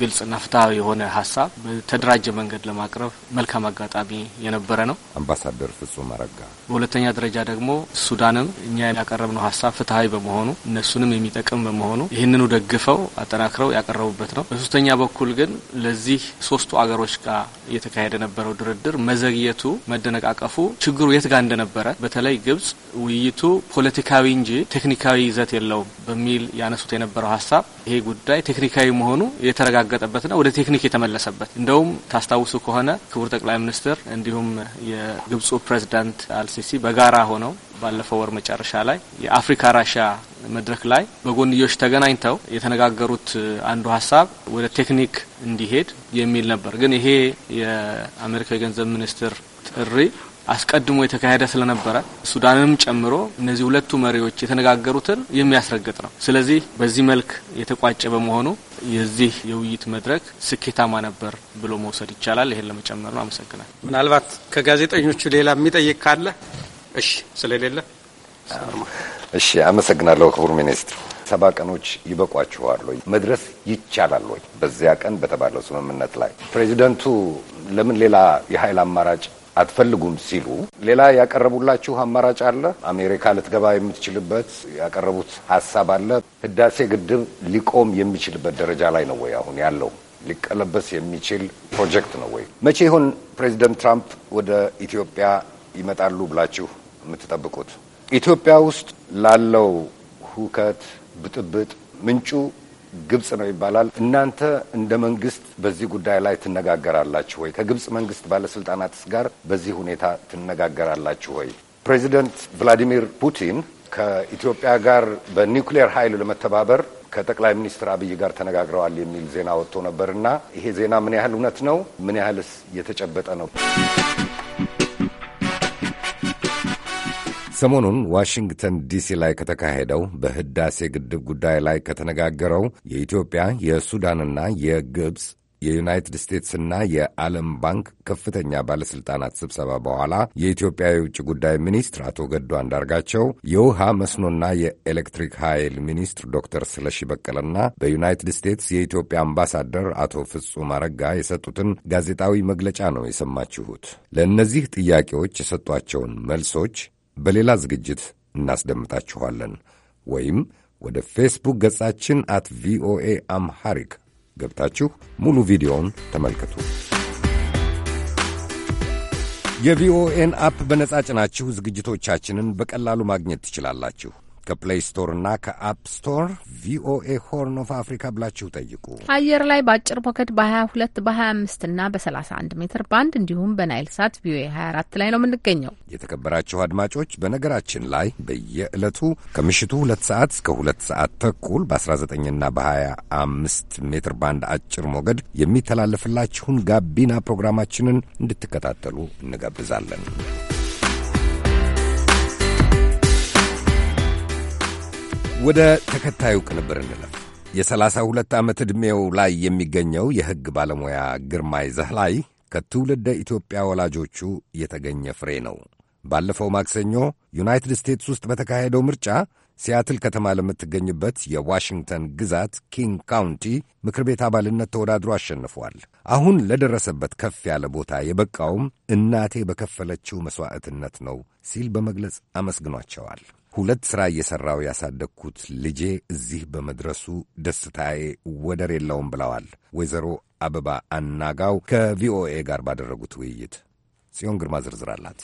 ግልጽና ፍትሐዊ የሆነ ሀሳብ በተደራጀ መንገድ ለማቅረብ መልካም አጋጣሚ የነበረ ነው። አምባሳደር ፍጹም አረጋ። በሁለተኛ ደረጃ ደግሞ ሱዳንም እኛ ያቀረብነው ሀሳብ ፍትሐዊ በመሆኑ እነሱንም የሚጠቅም በመሆኑ ይህንኑ ደግፈው አጠናክረው ያቀረቡበት ነው። በሶስተኛ በኩል ግን ለዚህ ሶስቱ አገሮች ጋር የተካሄደ ነበረው ድርድር መዘግየቱ፣ መደነቃቀፉ ችግሩ የት ጋር እንደነበረ በተለይ ግብጽ ውይይቱ ፖለቲካዊ እንጂ ቴክኒካዊ ይዘት የለውም በሚል ያነሱት የነበረው ሀሳብ ይሄ ጉዳይ ቴክኒካዊ መሆኑ የተረጋገጠበትና ወደ ቴክኒክ የተመለሰበት እንደውም ታስታውሱ ከሆነ ክቡር ጠቅላይ ሚኒስትር እንዲሁም የግብፁ ፕሬዚዳንት አልሲሲ በጋራ ሆነው ባለፈው ወር መጨረሻ ላይ የአፍሪካ ራሻ መድረክ ላይ በጎንዮሽ ተገናኝተው የተነጋገሩት አንዱ ሀሳብ ወደ ቴክኒክ እንዲሄድ የሚል ነበር። ግን ይሄ የአሜሪካ የገንዘብ ሚኒስትር ጥሪ አስቀድሞ የተካሄደ ስለነበረ ሱዳንንም ጨምሮ እነዚህ ሁለቱ መሪዎች የተነጋገሩትን የሚያስረግጥ ነው። ስለዚህ በዚህ መልክ የተቋጨ በመሆኑ የዚህ የውይይት መድረክ ስኬታማ ነበር ብሎ መውሰድ ይቻላል። ይሄን ለመጨመር ነው። አመሰግናል። ምናልባት ከጋዜጠኞቹ ሌላ የሚጠይቅ ካለ እሺ፣ ስለሌለ እሺ፣ አመሰግናለሁ ክቡር ሚኒስትር። ሰባ ቀኖች ይበቋችኋል ወይ? መድረስ ይቻላል ወይ? በዚያ ቀን በተባለው ስምምነት ላይ ፕሬዚደንቱ ለምን ሌላ የኃይል አማራጭ አትፈልጉም ሲሉ ሌላ ያቀረቡላችሁ አማራጭ አለ? አሜሪካ ልትገባ የምትችልበት ያቀረቡት ሀሳብ አለ? ህዳሴ ግድብ ሊቆም የሚችልበት ደረጃ ላይ ነው ወይ አሁን ያለው? ሊቀለበስ የሚችል ፕሮጀክት ነው ወይ? መቼ ይሆን ፕሬዚደንት ትራምፕ ወደ ኢትዮጵያ ይመጣሉ ብላችሁ የምትጠብቁት? ኢትዮጵያ ውስጥ ላለው ሁከት ብጥብጥ ምንጩ ግብጽ ነው ይባላል። እናንተ እንደ መንግስት በዚህ ጉዳይ ላይ ትነጋገራላችሁ ወይ? ከግብጽ መንግስት ባለስልጣናትስ ጋር በዚህ ሁኔታ ትነጋገራላችሁ ወይ? ፕሬዚደንት ቭላዲሚር ፑቲን ከኢትዮጵያ ጋር በኒውክሌር ኃይል ለመተባበር ከጠቅላይ ሚኒስትር አብይ ጋር ተነጋግረዋል የሚል ዜና ወጥቶ ነበርና ይሄ ዜና ምን ያህል እውነት ነው? ምን ያህልስ የተጨበጠ ነው? ሰሞኑን ዋሽንግተን ዲሲ ላይ ከተካሄደው በህዳሴ ግድብ ጉዳይ ላይ ከተነጋገረው የኢትዮጵያ የሱዳንና የግብፅ የዩናይትድ ስቴትስና የዓለም ባንክ ከፍተኛ ባለሥልጣናት ስብሰባ በኋላ የኢትዮጵያ የውጭ ጉዳይ ሚኒስትር አቶ ገዱ አንዳርጋቸው የውሃ መስኖና የኤሌክትሪክ ኃይል ሚኒስትር ዶክተር ስለሺ በቀለና በዩናይትድ ስቴትስ የኢትዮጵያ አምባሳደር አቶ ፍጹም አረጋ የሰጡትን ጋዜጣዊ መግለጫ ነው የሰማችሁት። ለእነዚህ ጥያቄዎች የሰጧቸውን መልሶች በሌላ ዝግጅት እናስደምጣችኋለን። ወይም ወደ ፌስቡክ ገጻችን አት ቪኦኤ አምሃሪክ ገብታችሁ ሙሉ ቪዲዮውን ተመልከቱ። የቪኦኤን አፕ በነጻ ጭናችሁ ዝግጅቶቻችንን በቀላሉ ማግኘት ትችላላችሁ። ከፕሌይ ስቶርና ከአፕ ስቶር ቪኦኤ ሆርን ኦፍ አፍሪካ ብላችሁ ጠይቁ። አየር ላይ በአጭር ሞገድ በ22 በ25 እና በ31 ሜትር ባንድ እንዲሁም በናይል ሳት ቪኦኤ 24 ላይ ነው የምንገኘው። የተከበራችሁ አድማጮች፣ በነገራችን ላይ በየዕለቱ ከምሽቱ 2 ሰዓት እስከ 2 ሰዓት ተኩል በ19ና በ25 ሜትር ባንድ አጭር ሞገድ የሚተላለፍላችሁን ጋቢና ፕሮግራማችንን እንድትከታተሉ እንጋብዛለን። ወደ ተከታዩ ቅንብር እንለፍ። የሰላሳ ሁለት ዓመት ዕድሜው ላይ የሚገኘው የሕግ ባለሙያ ግርማይ ዘህላይ ከትውልደ ኢትዮጵያ ወላጆቹ የተገኘ ፍሬ ነው። ባለፈው ማክሰኞ ዩናይትድ ስቴትስ ውስጥ በተካሄደው ምርጫ ሲያትል ከተማ ለምትገኝበት የዋሽንግተን ግዛት ኪንግ ካውንቲ ምክር ቤት አባልነት ተወዳድሮ አሸንፏል። አሁን ለደረሰበት ከፍ ያለ ቦታ የበቃውም እናቴ በከፈለችው መሥዋዕትነት ነው ሲል በመግለጽ አመስግኗቸዋል። ሁለት ሥራ እየሠራው ያሳደግኩት ልጄ እዚህ በመድረሱ ደስታዬ ወደር የለውም ብለዋል ወይዘሮ አበባ አናጋው ከቪኦኤ ጋር ባደረጉት ውይይት። ጽዮን ግርማ ዝርዝር አላት።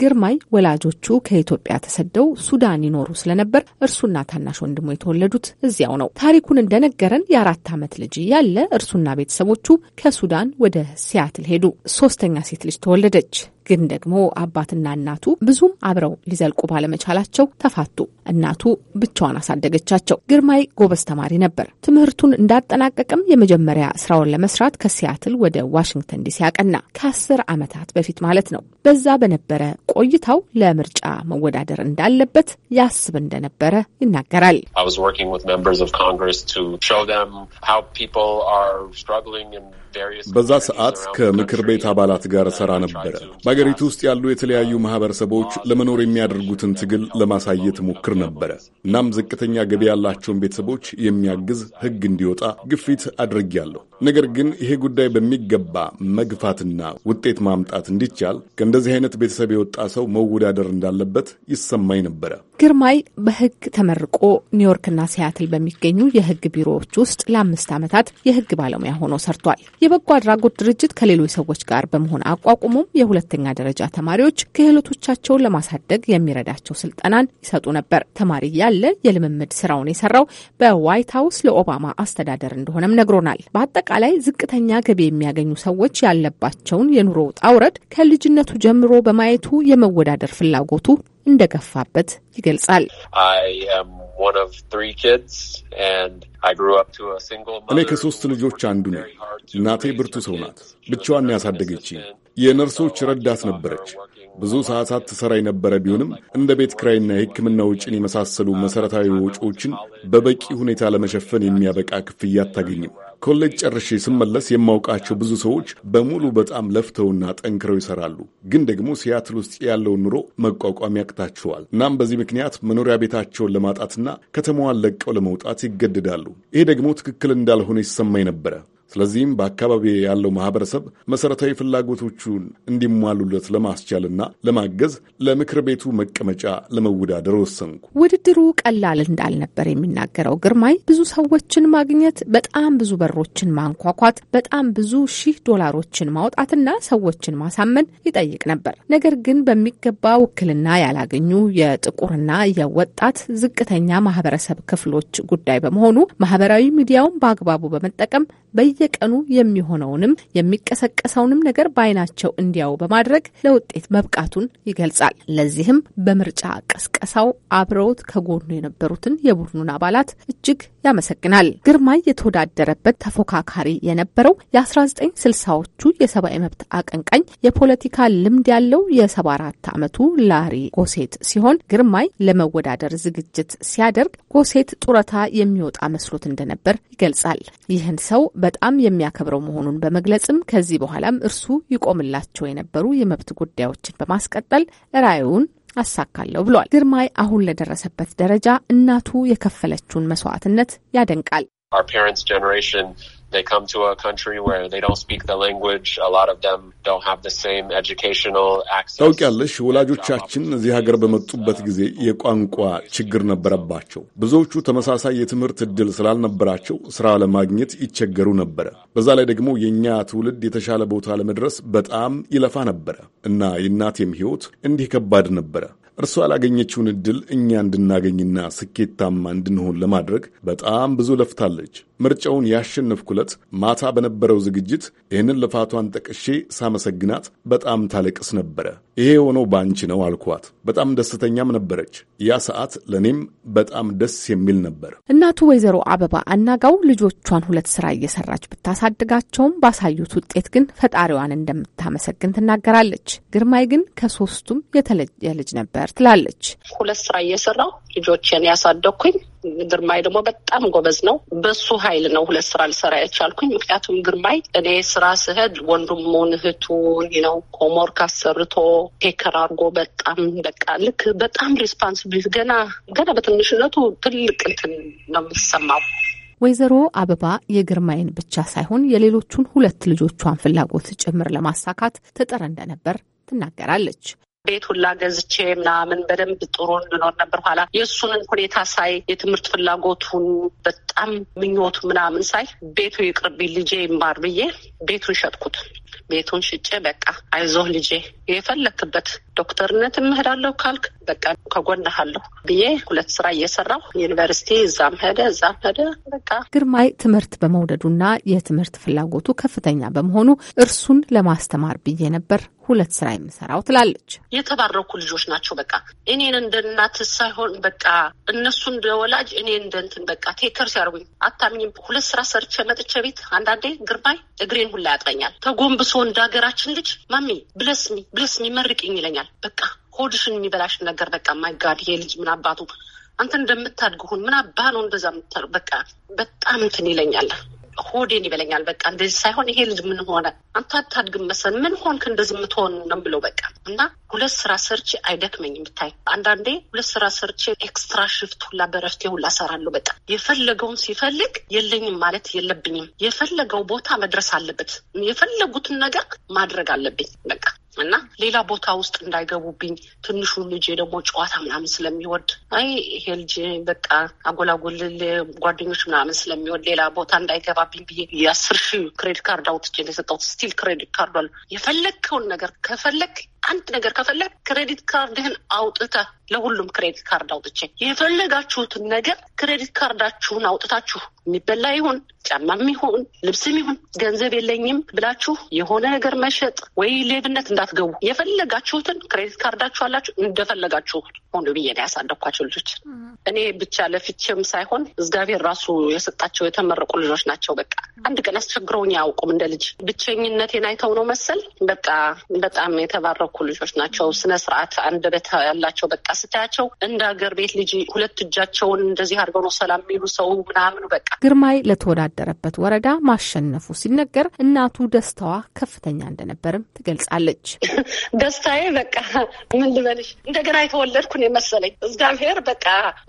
ግርማይ ወላጆቹ ከኢትዮጵያ ተሰደው ሱዳን ይኖሩ ስለነበር እርሱና ታናሽ ወንድሞ የተወለዱት እዚያው ነው። ታሪኩን እንደነገረን የአራት ዓመት ልጅ ያለ እርሱና ቤተሰቦቹ ከሱዳን ወደ ሲያትል ሄዱ። ሶስተኛ ሴት ልጅ ተወለደች። ግን ደግሞ አባትና እናቱ ብዙም አብረው ሊዘልቁ ባለመቻላቸው ተፋቱ። እናቱ ብቻዋን አሳደገቻቸው። ግርማይ ጎበዝ ተማሪ ነበር። ትምህርቱን እንዳጠናቀቅም የመጀመሪያ ስራውን ለመስራት ከሲያትል ወደ ዋሽንግተን ዲሲ ያቀና ከአስር ዓመታት በፊት ማለት ነው። በዛ በነበረ ቆይታው ለምርጫ መወዳደር እንዳለበት ያስብ እንደነበረ ይናገራል። I was working with members of Congress to show them how people are struggling and በዛ ሰዓት ከምክር ቤት አባላት ጋር ሰራ ነበረ። በአገሪቱ ውስጥ ያሉ የተለያዩ ማህበረሰቦች ለመኖር የሚያደርጉትን ትግል ለማሳየት ሞክር ነበረ። እናም ዝቅተኛ ገቢ ያላቸውን ቤተሰቦች የሚያግዝ ሕግ እንዲወጣ ግፊት አድርጌያለሁ። ነገር ግን ይሄ ጉዳይ በሚገባ መግፋትና ውጤት ማምጣት እንዲቻል ከእንደዚህ አይነት ቤተሰብ የወጣ ሰው መወዳደር እንዳለበት ይሰማኝ ነበረ። ግርማይ በህግ ተመርቆ ኒውዮርክና ሲያትል በሚገኙ የህግ ቢሮዎች ውስጥ ለአምስት ዓመታት የህግ ባለሙያ ሆኖ ሰርቷል። የበጎ አድራጎት ድርጅት ከሌሎች ሰዎች ጋር በመሆን አቋቁሞም የሁለተኛ ደረጃ ተማሪዎች ክህሎቶቻቸውን ለማሳደግ የሚረዳቸው ስልጠናን ይሰጡ ነበር። ተማሪ ያለ የልምምድ ስራውን የሰራው በዋይት ሀውስ ለኦባማ አስተዳደር እንደሆነም ነግሮናል። በአጠቃላይ ዝቅተኛ ገቢ የሚያገኙ ሰዎች ያለባቸውን የኑሮ ውጣ ውረድ ከልጅነቱ ጀምሮ በማየቱ የመወዳደር ፍላጎቱ እንደገፋበት ይገልጻል። እኔ ከሶስት ልጆች አንዱ ነኝ። እናቴ ብርቱ ሰው ናት። ብቻዋን ያሳደገችኝ የነርሶች ረዳት ነበረች። ብዙ ሰዓታት ትሰራ የነበረ ቢሆንም እንደ ቤት ክራይና የሕክምና ውጭን የመሳሰሉ መሠረታዊ ወጪዎችን በበቂ ሁኔታ ለመሸፈን የሚያበቃ ክፍያ አታገኝም። ኮሌጅ ጨርሼ ስመለስ የማውቃቸው ብዙ ሰዎች በሙሉ በጣም ለፍተውና ጠንክረው ይሰራሉ፣ ግን ደግሞ ሲያትል ውስጥ ያለውን ኑሮ መቋቋም ያቅታቸዋል። እናም በዚህ ምክንያት መኖሪያ ቤታቸውን ለማጣትና ከተማዋን ለቀው ለመውጣት ይገደዳሉ። ይሄ ደግሞ ትክክል እንዳልሆነ ይሰማኝ ነበረ። ስለዚህም በአካባቢ ያለው ማህበረሰብ መሰረታዊ ፍላጎቶቹን እንዲሟሉለት ለማስቻልና ለማገዝ ለምክር ቤቱ መቀመጫ ለመወዳደር ወሰንኩ። ውድድሩ ቀላል እንዳልነበር የሚናገረው ግርማይ ብዙ ሰዎችን ማግኘት፣ በጣም ብዙ በሮችን ማንኳኳት፣ በጣም ብዙ ሺህ ዶላሮችን ማውጣትና ሰዎችን ማሳመን ይጠይቅ ነበር። ነገር ግን በሚገባ ውክልና ያላገኙ የጥቁርና የወጣት ዝቅተኛ ማህበረሰብ ክፍሎች ጉዳይ በመሆኑ ማህበራዊ ሚዲያውን በአግባቡ በመጠቀም በየ በየቀኑ የሚሆነውንም የሚቀሰቀሰውንም ነገር በአይናቸው እንዲያው በማድረግ ለውጤት መብቃቱን ይገልጻል። ለዚህም በምርጫ ቀስቀሳው አብረውት ከጎኑ የነበሩትን የቡድኑን አባላት እጅግ ያመሰግናል። ግርማ የተወዳደረበት ተፎካካሪ የነበረው የ1960ዎቹ የሰብአዊ መብት አቀንቃኝ የፖለቲካ ልምድ ያለው የ74 ዓመቱ ላሪ ጎሴት ሲሆን ግርማይ ለመወዳደር ዝግጅት ሲያደርግ ጎሴት ጡረታ የሚወጣ መስሎት እንደነበር ይገልጻል። ይህን ሰው በጣም የሚያከብረው መሆኑን በመግለጽም ከዚህ በኋላም እርሱ ይቆምላቸው የነበሩ የመብት ጉዳዮችን በማስቀጠል ራዩን ። አሳካለሁ ብሏል። ግርማይ አሁን ለደረሰበት ደረጃ እናቱ የከፈለችውን መስዋዕትነት ያደንቃል። They come to a country where they don't speak the language. A lot of them don't have the same educational access. ታውቂያለሽ፣ ወላጆቻችን እዚህ ሀገር በመጡበት ጊዜ የቋንቋ ችግር ነበረባቸው። ብዙዎቹ ተመሳሳይ የትምህርት እድል ስላልነበራቸው ስራ ለማግኘት ይቸገሩ ነበረ። በዛ ላይ ደግሞ የእኛ ትውልድ የተሻለ ቦታ ለመድረስ በጣም ይለፋ ነበረ እና የእናቴም ህይወት እንዲህ ከባድ ነበረ። እርሷ ያላገኘችውን እድል እኛ እንድናገኝና ስኬታማ እንድንሆን ለማድረግ በጣም ብዙ ለፍታለች። ምርጫውን ያሸነፍኩ ማታ በነበረው ዝግጅት ይህንን ልፋቷን ጠቅሼ ሳመሰግናት በጣም ታለቅስ ነበረ። ይሄ የሆነው ባንቺ ነው አልኳት። በጣም ደስተኛም ነበረች። ያ ሰዓት ለእኔም በጣም ደስ የሚል ነበር። እናቱ ወይዘሮ አበባ አናጋው ልጆቿን ሁለት ስራ እየሰራች ብታሳድጋቸውም ባሳዩት ውጤት ግን ፈጣሪዋን እንደምታመሰግን ትናገራለች። ግርማይ ግን ከሶስቱም የተለየ ልጅ ነበር ትላለች። ሁለት ስራ እየሰራው ልጆችን ያሳደግኩኝ። ግርማይ ደግሞ በጣም ጎበዝ ነው። በሱ ኃይል ነው ሁለት ስራ ልሰራ ያልቻልኩኝ። ምክንያቱም ግርማይ እኔ ስራ ስሄድ ወንድሙን እህቱን ነው ኮሞር አሰርቶ ቴከር አርጎ በጣም በቃ ልክ በጣም ሪስፓንስብል ገና ገና በትንሽነቱ ትልቅ እንትን ነው የሚሰማው ወይዘሮ አበባ የግርማይን ብቻ ሳይሆን የሌሎቹን ሁለት ልጆቿን ፍላጎት ጭምር ለማሳካት ትጥር እንደነበር ትናገራለች። ቤት ሁላ ገዝቼ ምናምን በደንብ ጥሩ እንኖር ነበር። ኋላ የእሱንን ሁኔታ ሳይ የትምህርት ፍላጎቱን በጣም ምኞቱ ምናምን ሳይ ቤቱ ይቅርብ ልጄ ይማር ብዬ ቤቱን ሸጥኩት። ቤቱን ሽጬ በቃ አይዞህ ልጄ የፈለክበት ዶክተርነት እምህዳለሁ ካልክ በቃ ከጎንህ ብዬ ሁለት ስራ እየሰራሁ ዩኒቨርሲቲ እዛም ሄደ እዛም ሄደ በቃ። ግርማይ ትምህርት በመውደዱና የትምህርት ፍላጎቱ ከፍተኛ በመሆኑ እርሱን ለማስተማር ብዬ ነበር ሁለት ስራ የምሰራው ትላለች። የተባረኩ ልጆች ናቸው። በቃ እኔን እንደ እናት ሳይሆን በቃ እነሱ እንደ ወላጅ እኔ እንደ እንትን በቃ ቴከርስ አታርጉኝ፣ አታምኝም። ሁለት ስራ ሰርቼ መጥቼ ቤት አንዳንዴ ግርማይ እግሬን ሁላ ያጥረኛል። ተጎንብሶ እንደ ሀገራችን ልጅ ማሚ ብለስሚ ብለስሚ መርቅኝ ይለኛል። በቃ ሆድሽን የሚበላሽን ነገር በቃ ማይጋድ ይሄ ልጅ ምን አባቱ አንተ እንደምታድግሁን ምን አባ ነው እንደዛ ምታ በቃ በጣም እንትን ይለኛል። ሆዴን ይበለኛል። በቃ እንደዚህ ሳይሆን ይሄ ልጅ ምን ሆነ አንተ አታድግም መሰል ምን ሆንክ እንደዚህ የምትሆን ነው ብለው በቃ እና ሁለት ስራ ሰርች አይደክመኝ የምታይ አንዳንዴ ሁለት ስራ ሰርች ኤክስትራ ሽፍት ሁላ በረፍቴ ሁላ ሰራለሁ። በቃ የፈለገውን ሲፈልግ የለኝም ማለት የለብኝም። የፈለገው ቦታ መድረስ አለበት። የፈለጉትን ነገር ማድረግ አለብኝ። በቃ እና ሌላ ቦታ ውስጥ እንዳይገቡብኝ ትንሹ ልጄ ደግሞ ጨዋታ ምናምን ስለሚወድ አይ ይሄ ልጅ በቃ አጎላጎል ጓደኞች ምናምን ስለሚወድ ሌላ ቦታ እንዳይገባብኝ ብዬ የአስር ሺህ ክሬዲት ካርድ አውጥቼ የሰጠሁት ስቲል ክሬዲት ካርዷል። የፈለግከውን ነገር ከፈለግ አንድ ነገር ከፈለግ ክሬዲት ካርድህን አውጥተ ለሁሉም ክሬዲት ካርድ አውጥቼ የፈለጋችሁትን ነገር ክሬዲት ካርዳችሁን አውጥታችሁ የሚበላ ይሁን ጫማም ይሁን ልብስም ይሁን ገንዘብ የለኝም ብላችሁ የሆነ ነገር መሸጥ ወይ ሌብነት እንዳትገቡ። የፈለጋችሁትን ክሬዲት ካርዳችሁ አላችሁ እንደፈለጋችሁ ሆኖ ብዬ ነው ያሳደግኳቸው ልጆች። እኔ ብቻ ለፍቼም ሳይሆን እግዚአብሔር ራሱ የሰጣቸው የተመረቁ ልጆች ናቸው። በቃ አንድ ቀን አስቸግረውኝ አያውቁም። እንደ ልጅ ብቸኝነቴን አይተው ነው መሰል በቃ በጣም የተባረኩ የተንበረከኩ ልጆች ናቸው። ስነ ስርዓት በት ያላቸው በቃ ስታያቸው እንደ ሀገር ቤት ልጅ ሁለት እጃቸውን እንደዚህ አድርገው ነው ሰላም የሚሉ ሰው ምናምኑ በቃ ግርማይ ለተወዳደረበት ወረዳ ማሸነፉ ሲነገር እናቱ ደስታዋ ከፍተኛ እንደነበርም ትገልጻለች። ደስታዬ በቃ ምን ልበልሽ እንደገና የተወለድኩ ነው የመሰለኝ። እግዚአብሔር በቃ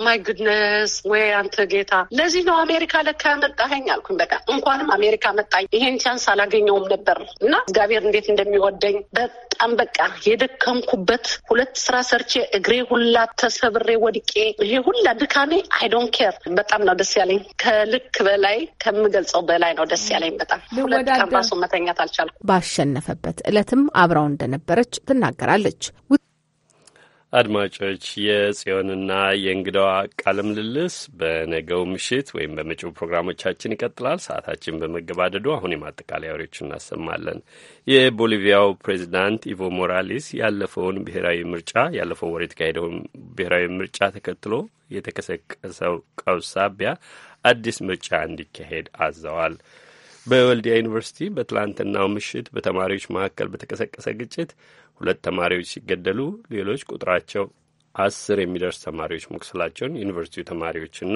ማይ ጉድነስ ወይ አንተ ጌታ፣ ለዚህ ነው አሜሪካ ለካ መጣኸኝ አልኩኝ። በቃ እንኳንም አሜሪካ መጣኝ። ይሄን ቻንስ አላገኘውም ነበር እና እግዚአብሔር እንዴት እንደሚወደኝ በጣም በቃ የደከምኩበት ሁለት ስራ ሰርቼ እግሬ ሁላ ተሰብሬ ወድቄ ይሄ ሁላ ድካሜ አይዶን ኬር በጣም ነው ደስ ያለኝ። ከልክ በላይ ከምገልጸው በላይ ነው ደስ ያለኝ። በጣም ሁለት ቀን ራሱ መተኛት አልቻልኩም። ባሸነፈበት እለትም አብራው እንደነበረች ትናገራለች። አድማጮች የጽዮንና የእንግዳዋ ቃለ ምልልስ በነገው ምሽት ወይም በመጪው ፕሮግራሞቻችን ይቀጥላል። ሰዓታችን በመገባደዱ አሁን የማጠቃለያ ወሬዎች እናሰማለን። የቦሊቪያው ፕሬዚዳንት ኢቮ ሞራሌስ ያለፈውን ብሔራዊ ምርጫ ያለፈው ወር የተካሄደውን ብሔራዊ ምርጫ ተከትሎ የተቀሰቀሰው ቀውስ ሳቢያ አዲስ ምርጫ እንዲካሄድ አዘዋል። በወልዲያ ዩኒቨርሲቲ በትላንትናው ምሽት በተማሪዎች መካከል በተቀሰቀሰ ግጭት ሁለት ተማሪዎች ሲገደሉ ሌሎች ቁጥራቸው አስር የሚደርስ ተማሪዎች መቁሰላቸውን ዩኒቨርሲቲው ተማሪዎችና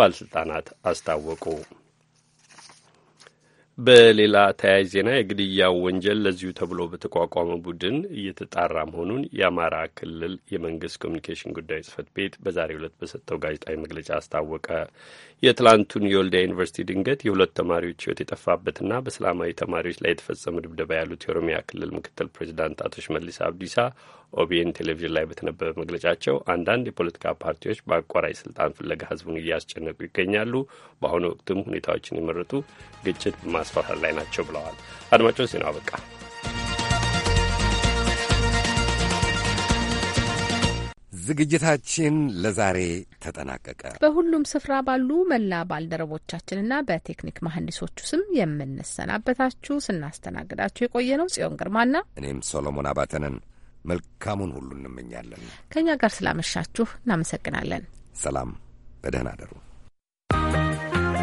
ባለሥልጣናት አስታወቁ። በሌላ ተያያዥ ዜና የግድያው ወንጀል ለዚሁ ተብሎ በተቋቋመ ቡድን እየተጣራ መሆኑን የአማራ ክልል የመንግስት ኮሚኒኬሽን ጉዳይ ጽህፈት ቤት በዛሬው ዕለት በሰጠው ጋዜጣዊ መግለጫ አስታወቀ። የትላንቱን የወልዲያ ዩኒቨርሲቲ ድንገት የሁለት ተማሪዎች ህይወት የጠፋበትና በሰላማዊ ተማሪዎች ላይ የተፈጸመ ድብደባ ያሉት የኦሮሚያ ክልል ምክትል ፕሬዚዳንት አቶ ሽመልስ አብዲሳ ኦቢኤን ቴሌቪዥን ላይ በተነበበ መግለጫቸው አንዳንድ የፖለቲካ ፓርቲዎች በአቋራጭ ስልጣን ፍለጋ ህዝቡን እያስጨነቁ ይገኛሉ። በአሁኑ ወቅትም ሁኔታዎችን የመረጡ ግጭት በማስፋፋት ላይ ናቸው ብለዋል። አድማጮች ዜናው አበቃ። ዝግጅታችን ለዛሬ ተጠናቀቀ። በሁሉም ስፍራ ባሉ መላ ባልደረቦቻችንና በቴክኒክ መሐንዲሶቹ ስም የምንሰናበታችሁ ስናስተናግዳችሁ የቆየ ነው ጽዮን ግርማና እኔም ሶሎሞን አባተንን መልካሙን ሁሉ እንመኛለን። ከእኛ ጋር ስላመሻችሁ እናመሰግናለን። ሰላም፣ በደህና አደሩ።